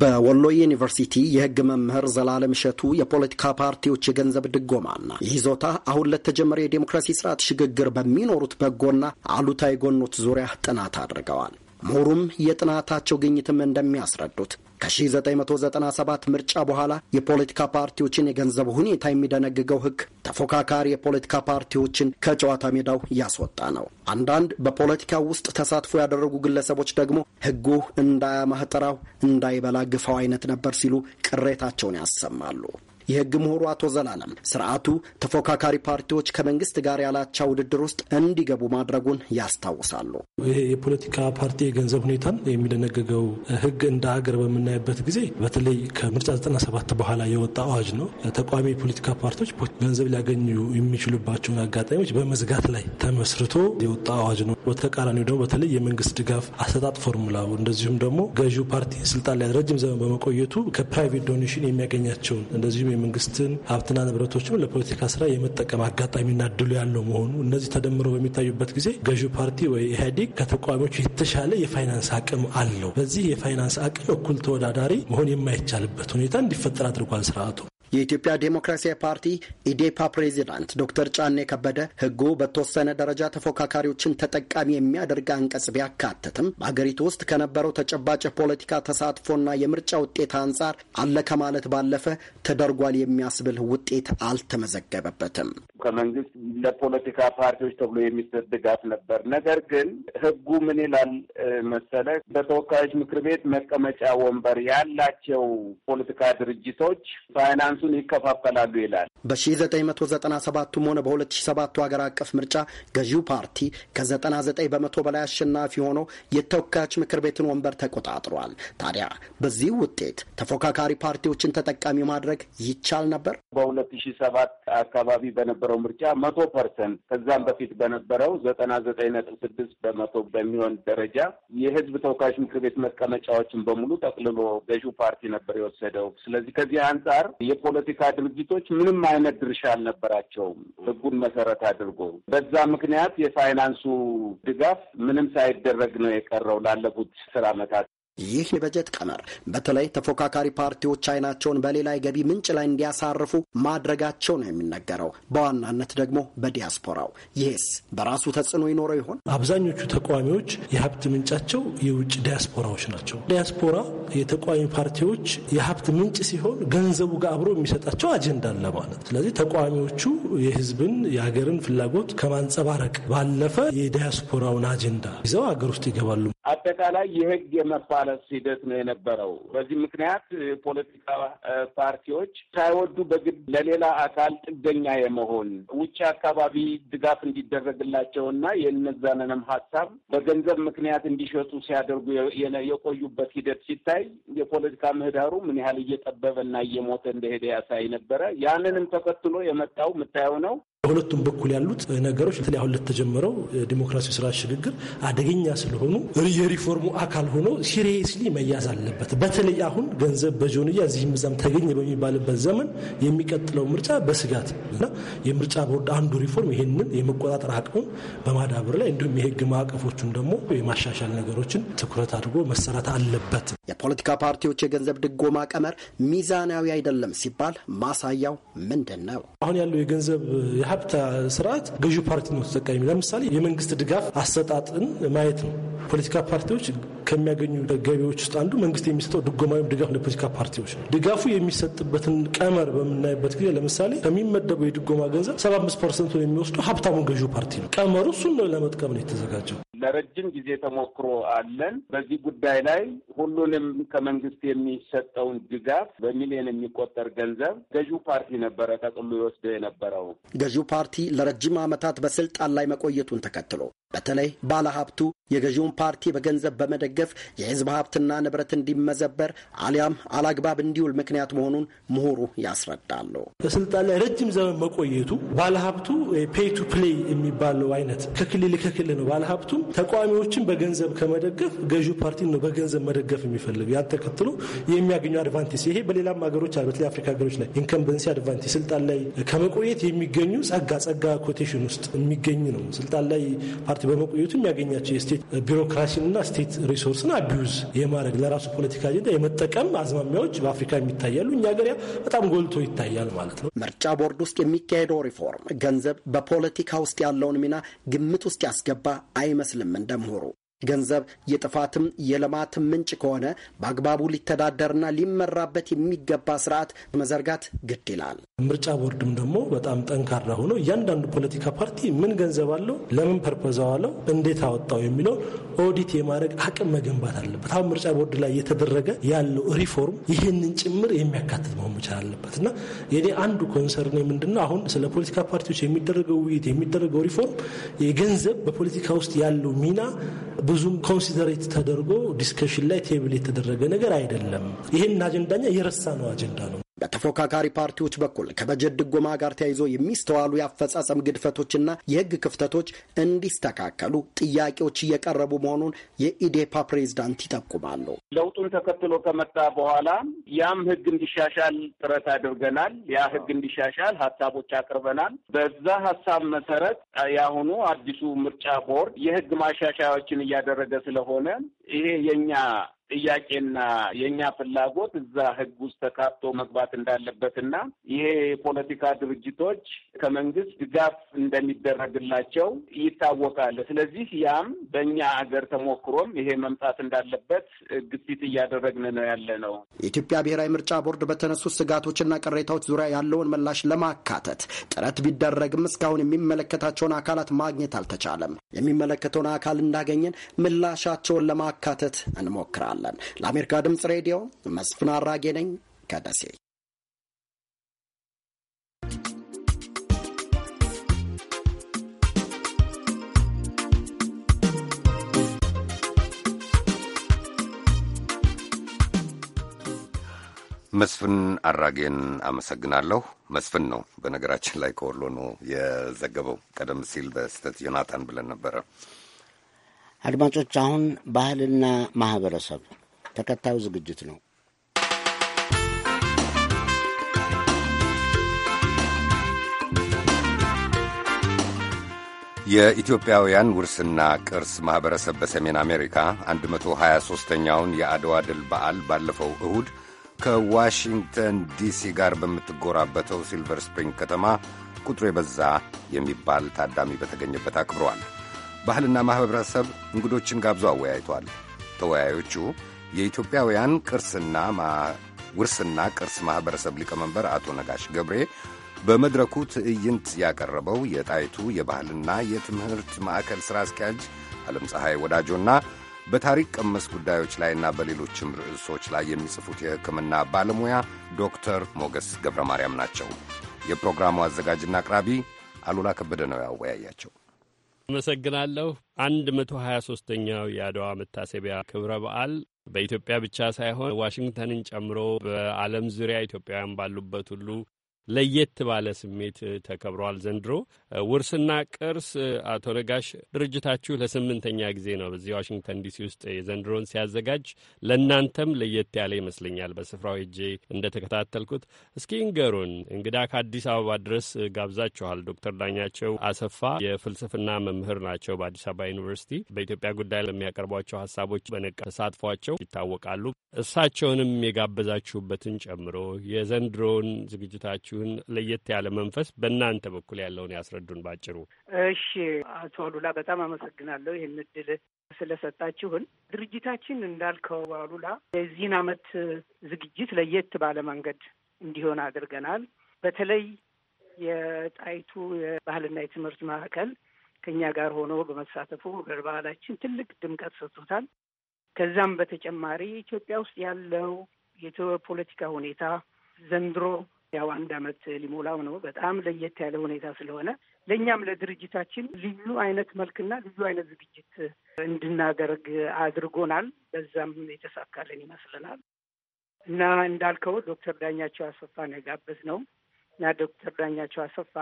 በወሎ ዩኒቨርሲቲ የሕግ መምህር ዘላለም እሸቱ የፖለቲካ ፓርቲዎች የገንዘብ ድጎማና ይዞታ አሁን ለተጀመረ የዴሞክራሲ ስርዓት ሽግግር በሚኖሩት በጎና አሉታዊ ጎኖች ዙሪያ ጥናት አድርገዋል። ምሁሩም የጥናታቸው ግኝትም እንደሚያስረዱት ከ1997 ምርጫ በኋላ የፖለቲካ ፓርቲዎችን የገንዘብ ሁኔታ የሚደነግገው ሕግ ተፎካካሪ የፖለቲካ ፓርቲዎችን ከጨዋታ ሜዳው ያስወጣ ነው። አንዳንድ በፖለቲካ ውስጥ ተሳትፎ ያደረጉ ግለሰቦች ደግሞ ሕጉ እንዳያማህጠራው እንዳይበላ ግፋው አይነት ነበር ሲሉ ቅሬታቸውን ያሰማሉ። የህግ ምሁሩ አቶ ዘላለም ስርዓቱ ተፎካካሪ ፓርቲዎች ከመንግስት ጋር ያላቻ ውድድር ውስጥ እንዲገቡ ማድረጉን ያስታውሳሉ። ይሄ የፖለቲካ ፓርቲ የገንዘብ ሁኔታን የሚደነግገው ህግ እንደ ሀገር በምናይበት ጊዜ በተለይ ከምርጫ 97 በኋላ የወጣ አዋጅ ነው። ተቃዋሚ የፖለቲካ ፓርቲዎች ገንዘብ ሊያገኙ የሚችሉባቸውን አጋጣሚዎች በመዝጋት ላይ ተመስርቶ የወጣ አዋጅ ነው። በተቃራኒው ደግሞ በተለይ የመንግስት ድጋፍ አሰጣጥ ፎርሙላው እንደዚሁም ደግሞ ገዢው ፓርቲ ስልጣን ላይ ረጅም ዘመን በመቆየቱ ከፕራይቬት ዶኔሽን የሚያገኛቸውን እንደዚሁም የመንግስትን ሀብትና ንብረቶችም ለፖለቲካ ስራ የመጠቀም አጋጣሚና ድሉ ያለው መሆኑ እነዚህ ተደምሮ በሚታዩበት ጊዜ ገዢው ፓርቲ ወይ ኢህአዴግ ከተቃዋሚዎቹ የተሻለ የፋይናንስ አቅም አለው። በዚህ የፋይናንስ አቅም እኩል ተወዳዳሪ መሆን የማይቻልበት ሁኔታ እንዲፈጠር አድርጓል ስርዓቱ። የኢትዮጵያ ዴሞክራሲያዊ ፓርቲ ኢዴፓ ፕሬዚዳንት ዶክተር ጫኔ ከበደ ህጉ በተወሰነ ደረጃ ተፎካካሪዎችን ተጠቃሚ የሚያደርግ አንቀጽ ቢያካትትም በሀገሪቱ ውስጥ ከነበረው ተጨባጭ የፖለቲካ ተሳትፎና የምርጫ ውጤት አንጻር አለ ከማለት ባለፈ ተደርጓል የሚያስብል ውጤት አልተመዘገበበትም። ከመንግስት ለፖለቲካ ፓርቲዎች ተብሎ የሚሰጥ ድጋፍ ነበር። ነገር ግን ህጉ ምን ይላል መሰለ፣ በተወካዮች ምክር ቤት መቀመጫ ወንበር ያላቸው ፖለቲካ ድርጅቶች ፋይናንሱን ይከፋፈላሉ ይላል። በሺ ዘጠኝ መቶ ዘጠና ሰባቱም ሆነ በሁለት ሺ ሰባቱ ሀገር አቀፍ ምርጫ ገዢው ፓርቲ ከዘጠና ዘጠኝ በመቶ በላይ አሸናፊ ሆኖ የተወካዮች ምክር ቤትን ወንበር ተቆጣጥሯል። ታዲያ በዚህ ውጤት ተፎካካሪ ፓርቲዎችን ተጠቃሚ ማድረግ ይቻል ነበር። በሁለት ሺ ሰባት አካባቢ በነበረ በነበረው ምርጫ መቶ ፐርሰንት ከዛም በፊት በነበረው ዘጠና ዘጠኝ ነጥብ ስድስት በመቶ በሚሆን ደረጃ የህዝብ ተወካዮች ምክር ቤት መቀመጫዎችን በሙሉ ጠቅልሎ ገዢው ፓርቲ ነበር የወሰደው። ስለዚህ ከዚህ አንጻር የፖለቲካ ድርጅቶች ምንም አይነት ድርሻ አልነበራቸውም ህጉን መሰረት አድርጎ። በዛ ምክንያት የፋይናንሱ ድጋፍ ምንም ሳይደረግ ነው የቀረው ላለፉት አስር ዓመታት። ይህ የበጀት ቀመር በተለይ ተፎካካሪ ፓርቲዎች አይናቸውን በሌላ የገቢ ምንጭ ላይ እንዲያሳርፉ ማድረጋቸው ነው የሚነገረው። በዋናነት ደግሞ በዲያስፖራው። ይህስ በራሱ ተጽዕኖ ይኖረው ይሆን? አብዛኞቹ ተቃዋሚዎች የሀብት ምንጫቸው የውጭ ዲያስፖራዎች ናቸው። ዲያስፖራ የተቃዋሚ ፓርቲዎች የሀብት ምንጭ ሲሆን ገንዘቡ ጋር አብሮ የሚሰጣቸው አጀንዳ አለ ማለት። ስለዚህ ተቃዋሚዎቹ የህዝብን የሀገርን ፍላጎት ከማንጸባረቅ ባለፈ የዲያስፖራውን አጀንዳ ይዘው ሀገር ውስጥ ይገባሉ። አጠቃላይ የህግ የመፋለስ ሂደት ነው የነበረው። በዚህ ምክንያት የፖለቲካ ፓርቲዎች ሳይወዱ በግድ ለሌላ አካል ጥገኛ የመሆን ውጭ አካባቢ ድጋፍ እንዲደረግላቸውና የእነዛንንም ሀሳብ በገንዘብ ምክንያት እንዲሸጡ ሲያደርጉ የቆዩበት ሂደት ሲታይ የፖለቲካ ምህዳሩ ምን ያህል እየጠበበና እየሞተ እንደሄደ ያሳይ ነበረ። ያንንም ተከትሎ የመጣው የምታየው ነው በሁለቱም በኩል ያሉት ነገሮች በተለይ አሁን ለተጀመረው ዲሞክራሲ ስራ ሽግግር አደገኛ ስለሆኑ የሪፎርሙ አካል ሆኖ ሲሪየስሊ መያዝ አለበት። በተለይ አሁን ገንዘብ በጆንያ እዚህም እዚያም ተገኘ በሚባልበት ዘመን የሚቀጥለው ምርጫ በስጋት እና የምርጫ ቦርድ አንዱ ሪፎርም ይህንን የመቆጣጠር አቅሙን በማዳበር ላይ እንዲሁም የህግ ማዕቀፎቹን ደግሞ የማሻሻል ነገሮችን ትኩረት አድርጎ መሰራት አለበት። የፖለቲካ ፓርቲዎች የገንዘብ ድጎማ ቀመር ሚዛናዊ አይደለም ሲባል ማሳያው ምንድን ነው? አሁን ያለው የገንዘብ የሀብት ስርዓት ገዢ ፓርቲ ነው ተጠቃሚ። ለምሳሌ የመንግስት ድጋፍ አሰጣጥን ማየት ነው። ፖለቲካ ፓርቲዎች ከሚያገኙ ገቢዎች ውስጥ አንዱ መንግስት የሚሰጠው ድጎማ ወይም ድጋፍ ለፖለቲካ ፓርቲዎች ነው። ድጋፉ የሚሰጥበትን ቀመር በምናይበት ጊዜ ለምሳሌ ከሚመደበው የድጎማ ገንዘብ 75 ፐርሰንቱን የሚወስደው ሀብታሙን ገዢው ፓርቲ ነው። ቀመሩ እሱን ለመጥቀም ነው የተዘጋጀው። ለረጅም ጊዜ ተሞክሮ አለን። በዚህ ጉዳይ ላይ ሁሉንም ከመንግስት የሚሰጠውን ድጋፍ በሚሊዮን የሚቆጠር ገንዘብ ገዢው ፓርቲ ነበረ ጠቅሎ ይወስደው የነበረው። ገዢው ፓርቲ ለረጅም ዓመታት በስልጣን ላይ መቆየቱን ተከትሎ በተለይ ባለሀብቱ የገዢውን ፓርቲ በገንዘብ በመደገፍ የህዝብ ሀብትና ንብረት እንዲመዘበር አሊያም አላግባብ እንዲውል ምክንያት መሆኑን ምሁሩ ያስረዳሉ። በስልጣን ላይ ረጅም ዘመን መቆየቱ ባለሀብቱ ፔይ ቱ ፕሌይ የሚባለው አይነት ከክልል ከክልል ነው። ባለሀብቱም ተቃዋሚዎችን በገንዘብ ከመደገፍ ገዢው ፓርቲ ነው በገንዘብ መደገፍ የሚፈልግ ያን ተከትሎ የሚያገኙ አድቫንቴጅ ይሄ በሌላም ሀገሮች አሉ። በተለይ አፍሪካ ሀገሮች ላይ ኢንከምበንሲ አድቫንቴጅ ስልጣን ላይ ከመቆየት የሚገኙ ጸጋ ጸጋ ኮቴሽን ውስጥ የሚገኝ ነው። ስልጣን ላይ ፓርቲ በመቆየቱ የሚያገኛቸው የስቴት ቢሮክራሲንና ስቴት ሪሶርስን አቢዩዝ የማድረግ ለራሱ ፖለቲካ አጀንዳ የመጠቀም አዝማሚያዎች በአፍሪካ የሚታያሉ። እኛ ገሪያ በጣም ጎልቶ ይታያል ማለት ነው። ምርጫ ቦርድ ውስጥ የሚካሄደው ሪፎርም ገንዘብ በፖለቲካ ውስጥ ያለውን ሚና ግምት ውስጥ ያስገባ አይመስልም። አይመስልም እንደ ምሁሩ። ገንዘብ የጥፋትም የልማትም ምንጭ ከሆነ በአግባቡ ሊተዳደርና ሊመራበት የሚገባ ስርዓት መዘርጋት ግድ ይላል። ምርጫ ቦርድም ደግሞ በጣም ጠንካራ ሆኖ እያንዳንዱ ፖለቲካ ፓርቲ ምን ገንዘብ አለው፣ ለምን ፐርፖዝ አዋለው፣ እንዴት አወጣው የሚለው ኦዲት የማድረግ አቅም መገንባት አለበት። አሁን ምርጫ ቦርድ ላይ የተደረገ ያለው ሪፎርም ይህንን ጭምር የሚያካትት መሆን መቻል አለበት እና የኔ አንዱ ኮንሰርን ምንድነው አሁን ስለ ፖለቲካ ፓርቲዎች የሚደረገው ውይይት የሚደረገው ሪፎርም የገንዘብ በፖለቲካ ውስጥ ያለው ሚና ብዙም ኮንሲደሬት ተደርጎ ዲስከሽን ላይ ቴብል የተደረገ ነገር አይደለም። ይህን አጀንዳኛ የረሳ ነው አጀንዳ ነው። በተፎካካሪ ፓርቲዎች በኩል ከበጀት ድጎማ ጋር ተያይዞ የሚስተዋሉ የአፈጻጸም ግድፈቶችና የህግ ክፍተቶች እንዲስተካከሉ ጥያቄዎች እየቀረቡ መሆኑን የኢዴፓ ፕሬዝዳንት ይጠቁማሉ። ለውጡን ተከትሎ ከመጣ በኋላ ያም ህግ እንዲሻሻል ጥረት አድርገናል። ያ ህግ እንዲሻሻል ሀሳቦች አቅርበናል። በዛ ሀሳብ መሰረት የአሁኑ አዲሱ ምርጫ ቦርድ የህግ ማሻሻያዎችን እያደረገ ስለሆነ ይሄ የኛ ጥያቄና የእኛ ፍላጎት እዛ ህግ ውስጥ ተካቶ መግባት እንዳለበትና ይሄ የፖለቲካ ድርጅቶች ከመንግስት ድጋፍ እንደሚደረግላቸው ይታወቃል። ስለዚህ ያም በእኛ አገር ተሞክሮም ይሄ መምጣት እንዳለበት ግፊት እያደረግን ነው ያለ ነው። የኢትዮጵያ ብሔራዊ ምርጫ ቦርድ በተነሱ ስጋቶችና ቅሬታዎች ዙሪያ ያለውን ምላሽ ለማካተት ጥረት ቢደረግም እስካሁን የሚመለከታቸውን አካላት ማግኘት አልተቻለም። የሚመለከተውን አካል እንዳገኘን ምላሻቸውን ለማካተት እንሞክራል። እንቀጥላለን። ለአሜሪካ ድምፅ ሬዲዮ መስፍን አራጌ ነኝ ከደሴ። መስፍን አራጌን አመሰግናለሁ። መስፍን ነው በነገራችን ላይ ከወሎ ነው የዘገበው። ቀደም ሲል በስህተት ዮናታን ብለን ነበረ። አድማጮች፣ አሁን ባህልና ማህበረሰብ ተከታዩ ዝግጅት ነው። የኢትዮጵያውያን ውርስና ቅርስ ማኅበረሰብ በሰሜን አሜሪካ 123ኛውን የአድዋ ድል በዓል ባለፈው እሁድ ከዋሽንግተን ዲሲ ጋር በምትጎራበተው ሲልቨር ስፕሪንግ ከተማ ቁጥሩ የበዛ የሚባል ታዳሚ በተገኘበት አክብረዋል። ባህልና ማኅበረሰብ እንግዶችን ጋብዞ አወያይቷል። ተወያዮቹ የኢትዮጵያውያን ቅርስና ውርስና ቅርስ ማኅበረሰብ ሊቀመንበር አቶ ነጋሽ ገብሬ በመድረኩ ትዕይንት ያቀረበው የጣይቱ የባህልና የትምህርት ማዕከል ሥራ አስኪያጅ ዓለም ፀሐይ ወዳጆና በታሪክ ቀመስ ጉዳዮች ላይና በሌሎችም ርዕሶች ላይ የሚጽፉት የሕክምና ባለሙያ ዶክተር ሞገስ ገብረ ማርያም ናቸው። የፕሮግራሙ አዘጋጅና አቅራቢ አሉላ ከበደ ነው ያወያያቸው። አመሰግናለሁ። አንድ መቶ ሀያ ሶስተኛው የአድዋ መታሰቢያ ክብረ በዓል በኢትዮጵያ ብቻ ሳይሆን ዋሽንግተንን ጨምሮ በዓለም ዙሪያ ኢትዮጵያውያን ባሉበት ሁሉ ለየት ባለ ስሜት ተከብሯል ዘንድሮ። ውርስና ቅርስ አቶ ነጋሽ ድርጅታችሁ ለስምንተኛ ጊዜ ነው በዚህ ዋሽንግተን ዲሲ ውስጥ የዘንድሮን ሲያዘጋጅ፣ ለእናንተም ለየት ያለ ይመስለኛል። በስፍራው ሄጄ እንደተከታተልኩት። እስኪ እንገሩን እንግዳ ከአዲስ አበባ ድረስ ጋብዛችኋል። ዶክተር ዳኛቸው አሰፋ የፍልስፍና መምህር ናቸው በአዲስ አበባ ዩኒቨርሲቲ። በኢትዮጵያ ጉዳይ ለሚያቀርቧቸው ሀሳቦች በነቃ ተሳትፏቸው ይታወቃሉ። እሳቸውንም የጋበዛችሁበትን ጨምሮ የዘንድሮውን ዝግጅታችሁ ያላችሁን ለየት ያለ መንፈስ በእናንተ በኩል ያለውን ያስረዱን ባጭሩ። እሺ፣ አቶ አሉላ በጣም አመሰግናለሁ ይህን እድል ስለሰጣችሁን። ድርጅታችን እንዳልከው አሉላ የዚህን አመት ዝግጅት ለየት ባለ መንገድ እንዲሆን አድርገናል። በተለይ የጣይቱ የባህልና የትምህርት ማዕከል ከኛ ጋር ሆኖ በመሳተፉ ባህላችን ትልቅ ድምቀት ሰጥቶታል። ከዛም በተጨማሪ ኢትዮጵያ ውስጥ ያለው የፖለቲካ ሁኔታ ዘንድሮ ያው አንድ አመት ሊሞላው ነው። በጣም ለየት ያለ ሁኔታ ስለሆነ ለእኛም ለድርጅታችን ልዩ አይነት መልክና ልዩ አይነት ዝግጅት እንድናደርግ አድርጎናል። በዛም የተሳካልን ይመስልናል እና እንዳልከው ዶክተር ዳኛቸው አሰፋ ነው የጋበዝነው እና ዶክተር ዳኛቸው አሰፋ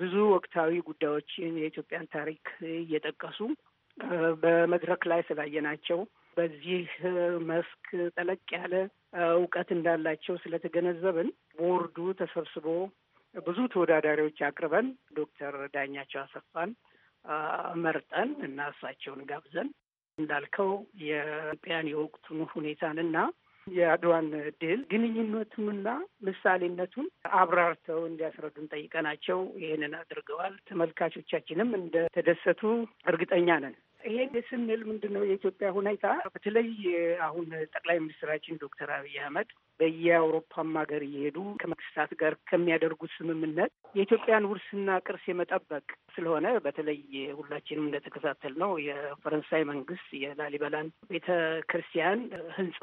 ብዙ ወቅታዊ ጉዳዮችን የኢትዮጵያን ታሪክ እየጠቀሱ በመድረክ ላይ ስላየናቸው በዚህ መስክ ጠለቅ ያለ እውቀት እንዳላቸው ስለተገነዘብን ቦርዱ ተሰብስቦ ብዙ ተወዳዳሪዎች አቅርበን ዶክተር ዳኛቸው አሰፋን መርጠን እና እሳቸውን ጋብዘን እንዳልከው የኢትዮጵያን የወቅቱን ሁኔታን እና የአድዋን ድል ግንኙነቱንና ምሳሌነቱን አብራርተው እንዲያስረዱን ጠይቀናቸው ይህንን አድርገዋል። ተመልካቾቻችንም እንደተደሰቱ እርግጠኛ ነን። ይሄን ስንል ምንድን ነው የኢትዮጵያ ሁኔታ በተለይ አሁን ጠቅላይ ሚኒስትራችን ዶክተር አብይ አህመድ በየአውሮፓም ሀገር እየሄዱ ከመንግስታት ጋር ከሚያደርጉት ስምምነት የኢትዮጵያን ውርስና ቅርስ የመጠበቅ ስለሆነ በተለይ ሁላችንም እንደተከታተል ነው የፈረንሳይ መንግስት የላሊበላን ቤተ ክርስቲያን ህንጻ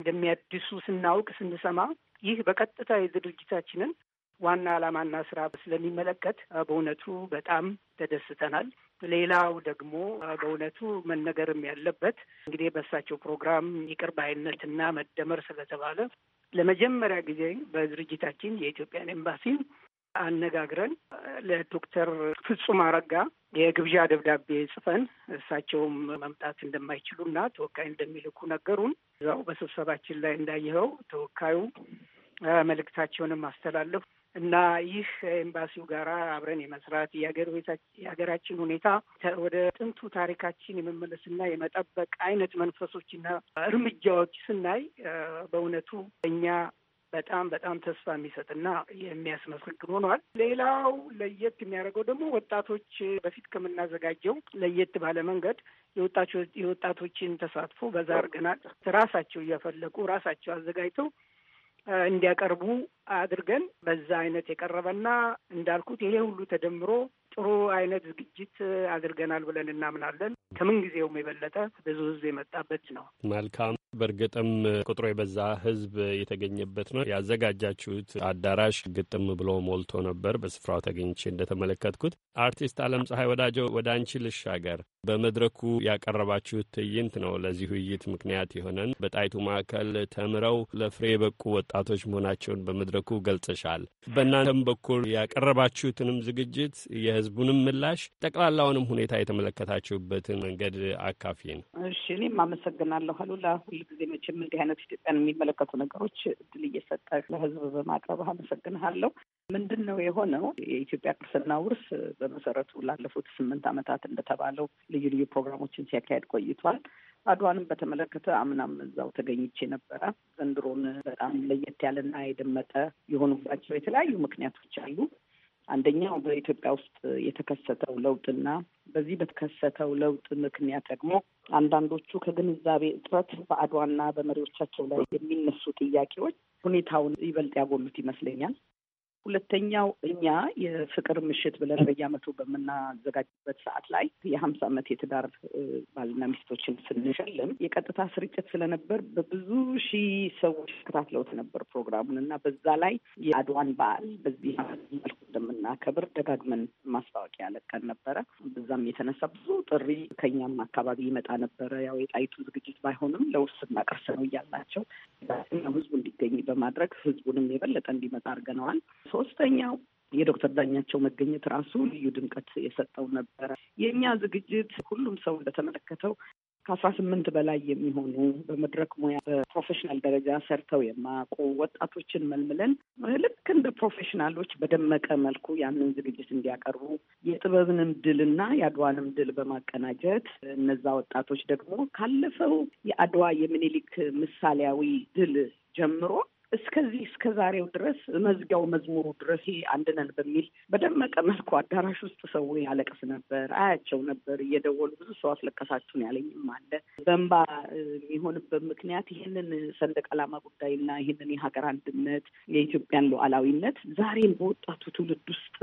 እንደሚያድሱ ስናውቅ ስንሰማ ይህ በቀጥታ የድርጅታችንን ዋና ዓላማና ስራ ስለሚመለከት በእውነቱ በጣም ተደስተናል። ሌላው ደግሞ በእውነቱ መነገርም ያለበት እንግዲህ በእሳቸው ፕሮግራም ይቅር ባይነትና መደመር ስለተባለ ለመጀመሪያ ጊዜ በድርጅታችን የኢትዮጵያን ኤምባሲ አነጋግረን ለዶክተር ፍጹም አረጋ የግብዣ ደብዳቤ ጽፈን እሳቸውም መምጣት እንደማይችሉና ተወካይ እንደሚልኩ ነገሩን። እዛው በስብሰባችን ላይ እንዳየኸው ተወካዩ መልእክታቸውንም አስተላለፉ። እና ይህ ኤምባሲው ጋር አብረን የመስራት የሀገራችን ሁኔታ ወደ ጥንቱ ታሪካችን የመመለስና የመጠበቅ አይነት መንፈሶችና እርምጃዎች ስናይ በእውነቱ እኛ በጣም በጣም ተስፋ የሚሰጥና የሚያስመሰግን ሆኗል። ሌላው ለየት የሚያደርገው ደግሞ ወጣቶች በፊት ከምናዘጋጀው ለየት ባለ መንገድ የወጣቶችን ተሳትፎ በዛ አድርገናል። ራሳቸው እያፈለቁ ራሳቸው አዘጋጅተው እንዲያቀርቡ አድርገን በዛ አይነት የቀረበና እንዳልኩት ይሄ ሁሉ ተደምሮ ጥሩ አይነት ዝግጅት አድርገናል ብለን እናምናለን። ከምን ጊዜውም የበለጠ ብዙ ህዝብ የመጣበት ነው። መልካም በእርግጥም ቁጥሩ የበዛ ህዝብ የተገኘበት ነው። ያዘጋጃችሁት አዳራሽ ግጥም ብሎ ሞልቶ ነበር። በስፍራው ተገኝቼ እንደተመለከትኩት አርቲስት አለም ፀሐይ ወዳጀው ወደ አንቺ ልሻገር። በመድረኩ ያቀረባችሁት ትዕይንት ነው ለዚህ ውይይት ምክንያት የሆነን። በጣይቱ ማዕከል ተምረው ለፍሬ የበቁ ወጣቶች መሆናቸውን በመድረኩ ገልጸሻል። በእናንተም በኩል ያቀረባችሁትንም ዝግጅት የህዝቡንም ምላሽ ጠቅላላውንም ሁኔታ የተመለከታችሁበትን መንገድ አካፊ ነው። እሺ፣ እኔም አመሰግናለሁ አሉላ። ሁል ጊዜ መቼም እንዲህ አይነት ኢትዮጵያን የሚመለከቱ ነገሮች እድል እየሰጠ ለህዝብ በማቅረብ አመሰግንሃለሁ። ምንድን ነው የሆነው? የኢትዮጵያ ቅርስና ውርስ በመሰረቱ ላለፉት ስምንት ዓመታት እንደተባለው ልዩ ልዩ ፕሮግራሞችን ሲያካሄድ ቆይቷል። አድዋንም በተመለከተ አምናም እዛው ተገኝቼ ነበረ። ዘንድሮን በጣም ለየት ያለና የደመጠ የሆኑባቸው የተለያዩ ምክንያቶች አሉ። አንደኛው በኢትዮጵያ ውስጥ የተከሰተው ለውጥና በዚህ በተከሰተው ለውጥ ምክንያት ደግሞ አንዳንዶቹ ከግንዛቤ እጥረት በአድዋና በመሪዎቻቸው ላይ የሚነሱ ጥያቄዎች ሁኔታውን ይበልጥ ያጎሉት ይመስለኛል። ሁለተኛው እኛ የፍቅር ምሽት ብለን በየዓመቱ በምናዘጋጅበት ሰዓት ላይ የሀምሳ ዓመት የትዳር ባልና ሚስቶችን ስንሸልም የቀጥታ ስርጭት ስለነበር በብዙ ሺህ ሰዎች ተከታትለውት ነበር ፕሮግራሙን እና በዛ ላይ የአድዋን በዓል በዚህ መልኩ እንደምናከብር ደጋግመን ማስታወቂያ ለቀን ነበረ። በዛም የተነሳ ብዙ ጥሪ ከኛም አካባቢ ይመጣ ነበረ። ያው የጣይቱ ዝግጅት ባይሆንም ለውስና ቅርስ ነው እያላቸው ህዝቡ እንዲገኝ በማድረግ ህዝቡንም የበለጠ እንዲመጣ አድርገነዋል። ሶስተኛው የዶክተር ዳኛቸው መገኘት ራሱ ልዩ ድምቀት የሰጠው ነበረ። የእኛ ዝግጅት ሁሉም ሰው እንደተመለከተው ከአስራ ስምንት በላይ የሚሆኑ በመድረክ ሙያ በፕሮፌሽናል ደረጃ ሰርተው የማያውቁ ወጣቶችን መልምለን ልክ እንደ ፕሮፌሽናሎች በደመቀ መልኩ ያንን ዝግጅት እንዲያቀርቡ የጥበብንም ድልና የአድዋንም ድል በማቀናጀት እነዛ ወጣቶች ደግሞ ካለፈው የአድዋ የሚኒሊክ ምሳሌያዊ ድል ጀምሮ እስከዚህ እስከ ዛሬው ድረስ መዝጊያው መዝሙሩ ድረስ ይሄ አንድነን በሚል በደመቀ መልኩ አዳራሽ ውስጥ ሰው ያለቅስ ነበር። አያቸው ነበር እየደወሉ ብዙ ሰው አስለቀሳችሁን ያለኝም አለ። በእንባ የሚሆንበት ምክንያት ይህንን ሰንደቅ ዓላማ ጉዳይና ይህንን የሀገር አንድነት የኢትዮጵያን ሉዓላዊነት ዛሬም በወጣቱ ትውልድ ውስጥ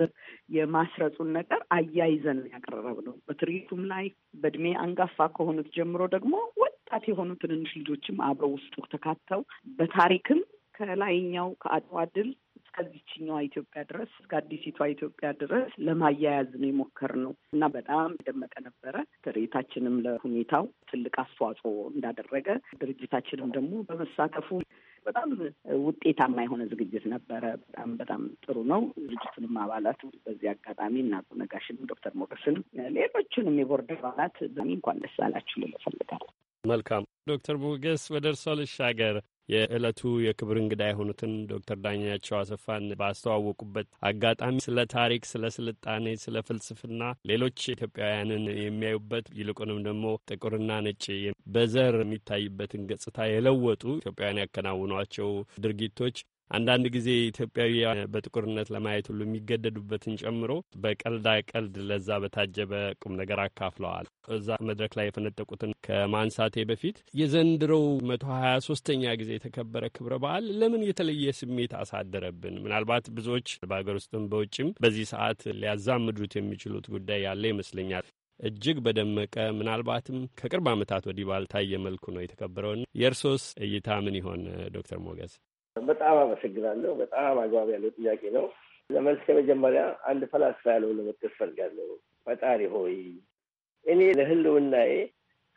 የማስረጹን ነገር አያይዘን ያቀረበ ነው። በትርኢቱም ላይ በእድሜ አንጋፋ ከሆኑት ጀምሮ ደግሞ ወጣት የሆኑ ትንንሽ ልጆችም አብረው ውስጡ ተካተው በታሪክም ከላይኛው ከአድዋ ድል እስከዚችኛዋ ኢትዮጵያ ድረስ እስከ አዲሲቷ ኢትዮጵያ ድረስ ለማያያዝ ነው የሞከርነው እና በጣም የደመቀ ነበረ። ትርኢታችንም ለሁኔታው ትልቅ አስተዋጽኦ እንዳደረገ ድርጅታችንም ደግሞ በመሳተፉ በጣም ውጤታማ የሆነ ዝግጅት ነበረ። በጣም በጣም ጥሩ ነው። ድርጅቱንም አባላት በዚህ አጋጣሚ እና ነጋሽንም፣ ዶክተር ሞገስን፣ ሌሎችንም የቦርድ አባላት በሚ እንኳን ደስ አላችሁ ልል እፈልጋለሁ። መልካም ዶክተር ሞገስ ወደ እርሶ ልሻገር። የዕለቱ የክብር እንግዳ የሆኑትን ዶክተር ዳኛቸው አሰፋን ባስተዋወቁበት አጋጣሚ ስለ ታሪክ፣ ስለ ስልጣኔ፣ ስለ ፍልስፍና ሌሎች ኢትዮጵያውያንን የሚያዩበት ይልቁንም ደግሞ ጥቁርና ነጭ በዘር የሚታይበትን ገጽታ የለወጡ ኢትዮጵያውያን ያከናውኗቸው ድርጊቶች አንዳንድ ጊዜ ኢትዮጵያዊ በጥቁርነት ለማየት ሁሉ የሚገደዱበትን ጨምሮ በቀልዳ ቀልድ ለዛ በታጀበ ቁም ነገር አካፍለዋል። እዛ መድረክ ላይ የፈነጠቁትን ከማንሳቴ በፊት የዘንድሮው መቶ ሀያ ሶስተኛ ጊዜ የተከበረ ክብረ በዓል ለምን የተለየ ስሜት አሳደረብን? ምናልባት ብዙዎች በሀገር ውስጥም በውጭም በዚህ ሰዓት ሊያዛምዱት የሚችሉት ጉዳይ ያለ ይመስለኛል። እጅግ በደመቀ ምናልባትም ከቅርብ ዓመታት ወዲህ ባልታየ መልኩ ነው የተከበረውን። የእርሶስ እይታ ምን ይሆን ዶክተር ሞገስ? በጣም አመሰግናለሁ። በጣም አግባብ ያለው ጥያቄ ነው። ለመልስ መጀመሪያ አንድ ፈላስፋ ያለው ለመጥቀስ ፈልጋለሁ። ፈጣሪ ሆይ እኔ ለህልውናዬ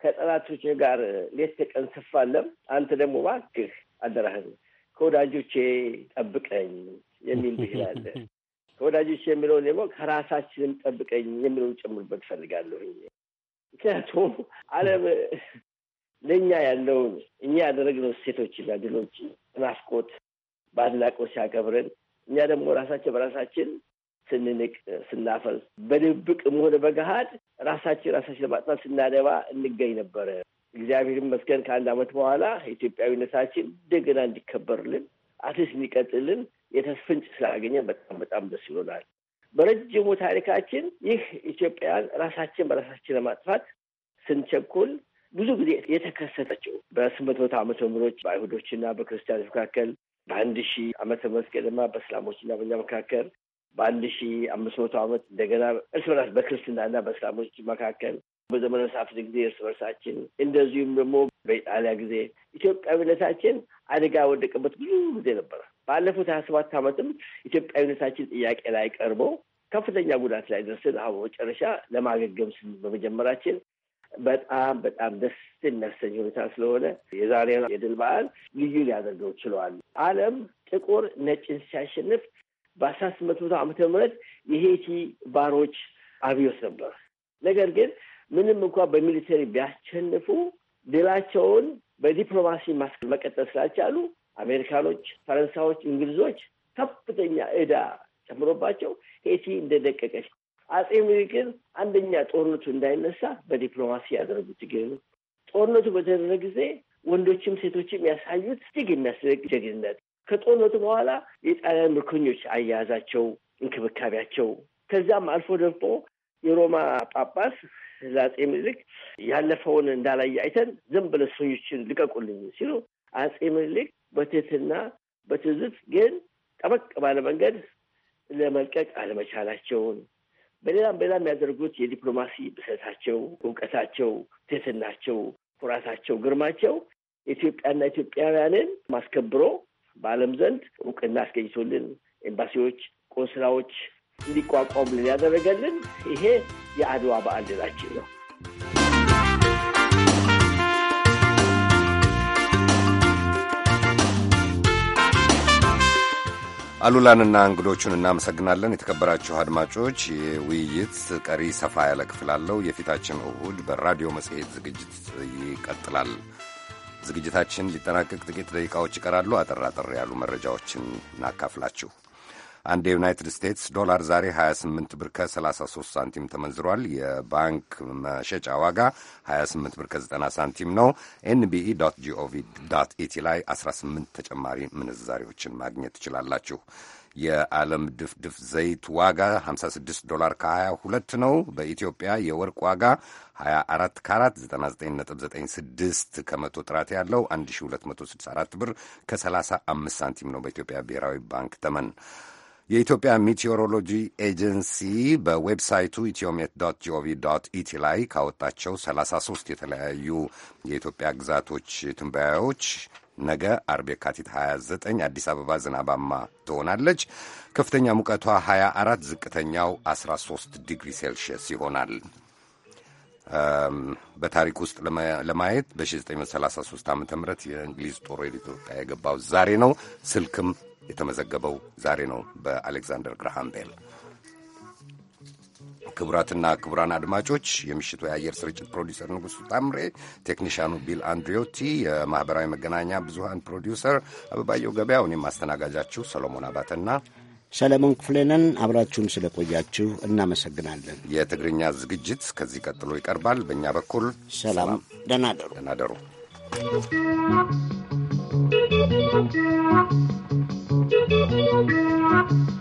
ከጠላቶች ጋር ሌት ተቀን ስፋለም፣ አንተ ደግሞ እባክህ አደራህን ከወዳጆቼ ጠብቀኝ የሚል ብሂል ከወዳጆች የሚለውን ደግሞ ከራሳችንም ጠብቀኝ የሚለውን ጨምርበት ፈልጋለሁ። ምክንያቱም ዓለም ለእኛ ያለውን እኛ ያደረግነው እሴቶችና ድሎች ናፍቆት በአድናቆት ሲያከብረን፣ እኛ ደግሞ ራሳችን በራሳችን ስንንቅ ስናፈል በድብቅም ሆነ በገሃድ ራሳችን ራሳችን ለማጥፋት ስናደባ እንገኝ ነበረ። እግዚአብሔር ይመስገን ከአንድ ዓመት በኋላ ኢትዮጵያዊነታችን እንደገና እንዲከበርልን አትስ እንዲቀጥልን የተስፍንጭ ስላገኘ በጣም በጣም ደስ ይሆናል። በረጅሙ ታሪካችን ይህ ኢትዮጵያን ራሳችን በራሳችን ለማጥፋት ስንቸኩል ብዙ ጊዜ የተከሰተችው በስምንት መቶ ዓመተ ምህሮች በአይሁዶችና በክርስቲያኖች መካከል በአንድ ሺ ዓመተ ምህረት ገደማ በእስላሞችና በኛ መካከል በአንድ ሺ አምስት መቶ ዓመት እንደገና እርስ በራስ በክርስትናና በእስላሞች መካከል በዘመነ መሳፍንት ጊዜ እርስ በርሳችን እንደዚሁም ደግሞ በኢጣሊያ ጊዜ ኢትዮጵያዊነታችን አደጋ ወደቀበት ብዙ ጊዜ ነበረ። ባለፉት ሀያ ሰባት ዓመትም ኢትዮጵያዊነታችን ጥያቄ ላይ ቀርቦ ከፍተኛ ጉዳት ላይ ደርስን አሁን መጨረሻ ለማገገም ስንል በመጀመራችን በጣም በጣም ደስ የሚያሰኝ ሁኔታ ስለሆነ የዛሬ የድል በዓል ልዩ ሊያደርገው ችለዋል። ዓለም ጥቁር ነጭን ሲያሸንፍ በአስራ ስምንት መቶ ዓመተ ምህረት የሄቲ ባሮች አብዮት ነበር። ነገር ግን ምንም እንኳ በሚሊተሪ ቢያሸንፉ ድላቸውን በዲፕሎማሲ መቀጠል ስላልቻሉ አሜሪካኖች፣ ፈረንሳዮች፣ እንግሊዞች ከፍተኛ እዳ ጨምሮባቸው ሄቲ እንደደቀቀች አጼ ምኒልክን አንደኛ ጦርነቱ እንዳይነሳ በዲፕሎማሲ ያደረጉት ትግል ነው። ጦርነቱ በተደረገ ጊዜ ወንዶችም ሴቶችም ያሳዩት እጅግ የሚያስደግ ጀግንነት፣ ከጦርነቱ በኋላ የጣሊያን ምርኮኞች አያያዛቸው፣ እንክብካቤያቸው ከዛም አልፎ ደግሞ የሮማ ጳጳስ ለአጼ ምኒልክ ያለፈውን እንዳላየ አይተን ዝም ብለ እስረኞችን ልቀቁልኝ ሲሉ አጼ ምኒልክ በትህትና በትዝት ግን ጠበቅ ባለ መንገድ ለመልቀቅ አለመቻላቸውን በሌላም በሌላ የሚያደርጉት የዲፕሎማሲ ብሰታቸው፣ እውቀታቸው፣ ትህትናቸው፣ ኩራታቸው፣ ግርማቸው ኢትዮጵያና ኢትዮጵያውያንን ማስከብሮ በዓለም ዘንድ እውቅና አስገኝቶልን ኤምባሲዎች፣ ቆንስላዎች እንዲቋቋሙልን ያደረገልን ይሄ የአድዋ በዓል ድላችን ነው። አሉላንና እንግዶቹን እናመሰግናለን። የተከበራችሁ አድማጮች የውይይት ቀሪ ሰፋ ያለ ክፍል አለው። የፊታችን እሁድ በራዲዮ መጽሔት ዝግጅት ይቀጥላል። ዝግጅታችን ሊጠናቀቅ ጥቂት ደቂቃዎች ይቀራሉ። አጠር አጠር ያሉ መረጃዎችን እናካፍላችሁ። አንድ የዩናይትድ ስቴትስ ዶላር ዛሬ 28 ብር ከ33 ሳንቲም ተመንዝሯል። የባንክ መሸጫ ዋጋ 28 ብር ከ90 ሳንቲም ነው። ኤንቢኢ ጂኦቪ ኢቲ ላይ 18 ተጨማሪ ምንዛሬዎችን ማግኘት ትችላላችሁ። የዓለም ድፍድፍ ዘይት ዋጋ 56 ዶላር ከ22 ነው። በኢትዮጵያ የወርቅ ዋጋ 24 ካራት 99.96 ከመቶ ጥራት ያለው 1264 ብር ከ35 ሳንቲም ነው በኢትዮጵያ ብሔራዊ ባንክ ተመን የኢትዮጵያ ሚቴዎሮሎጂ ኤጀንሲ በዌብሳይቱ ኢትዮሜት ዶት ጂኦቪ ዶት ኢቲ ላይ ካወጣቸው 33 የተለያዩ የኢትዮጵያ ግዛቶች ትንበያዎች ነገ አርብ የካቲት 29 አዲስ አበባ ዝናባማ ትሆናለች። ከፍተኛ ሙቀቷ 24፣ ዝቅተኛው 13 ዲግሪ ሴልሺየስ ይሆናል። በታሪክ ውስጥ ለማየት በ1933 ዓ ም የእንግሊዝ ጦር ወደ ኢትዮጵያ የገባው ዛሬ ነው። ስልክም የተመዘገበው ዛሬ ነው በአሌክዛንደር ግርሃም ቤል። ክቡራትና ክቡራን አድማጮች የምሽቱ የአየር ስርጭት ፕሮዲውሰር ንጉሱ ታምሬ፣ ቴክኒሽያኑ ቢል አንድሪዮቲ፣ የማኅበራዊ መገናኛ ብዙሃን ፕሮዲውሰር አበባየው ገበያ፣ እኔም ማስተናጋጃችሁ ሰሎሞን አባተና ሰለሞን ክፍሌንን አብራችሁን ስለቆያችሁ እናመሰግናለን። የትግርኛ ዝግጅት ከዚህ ቀጥሎ ይቀርባል። በእኛ በኩል ሰላም፣ ደህና ደሩ። Kun,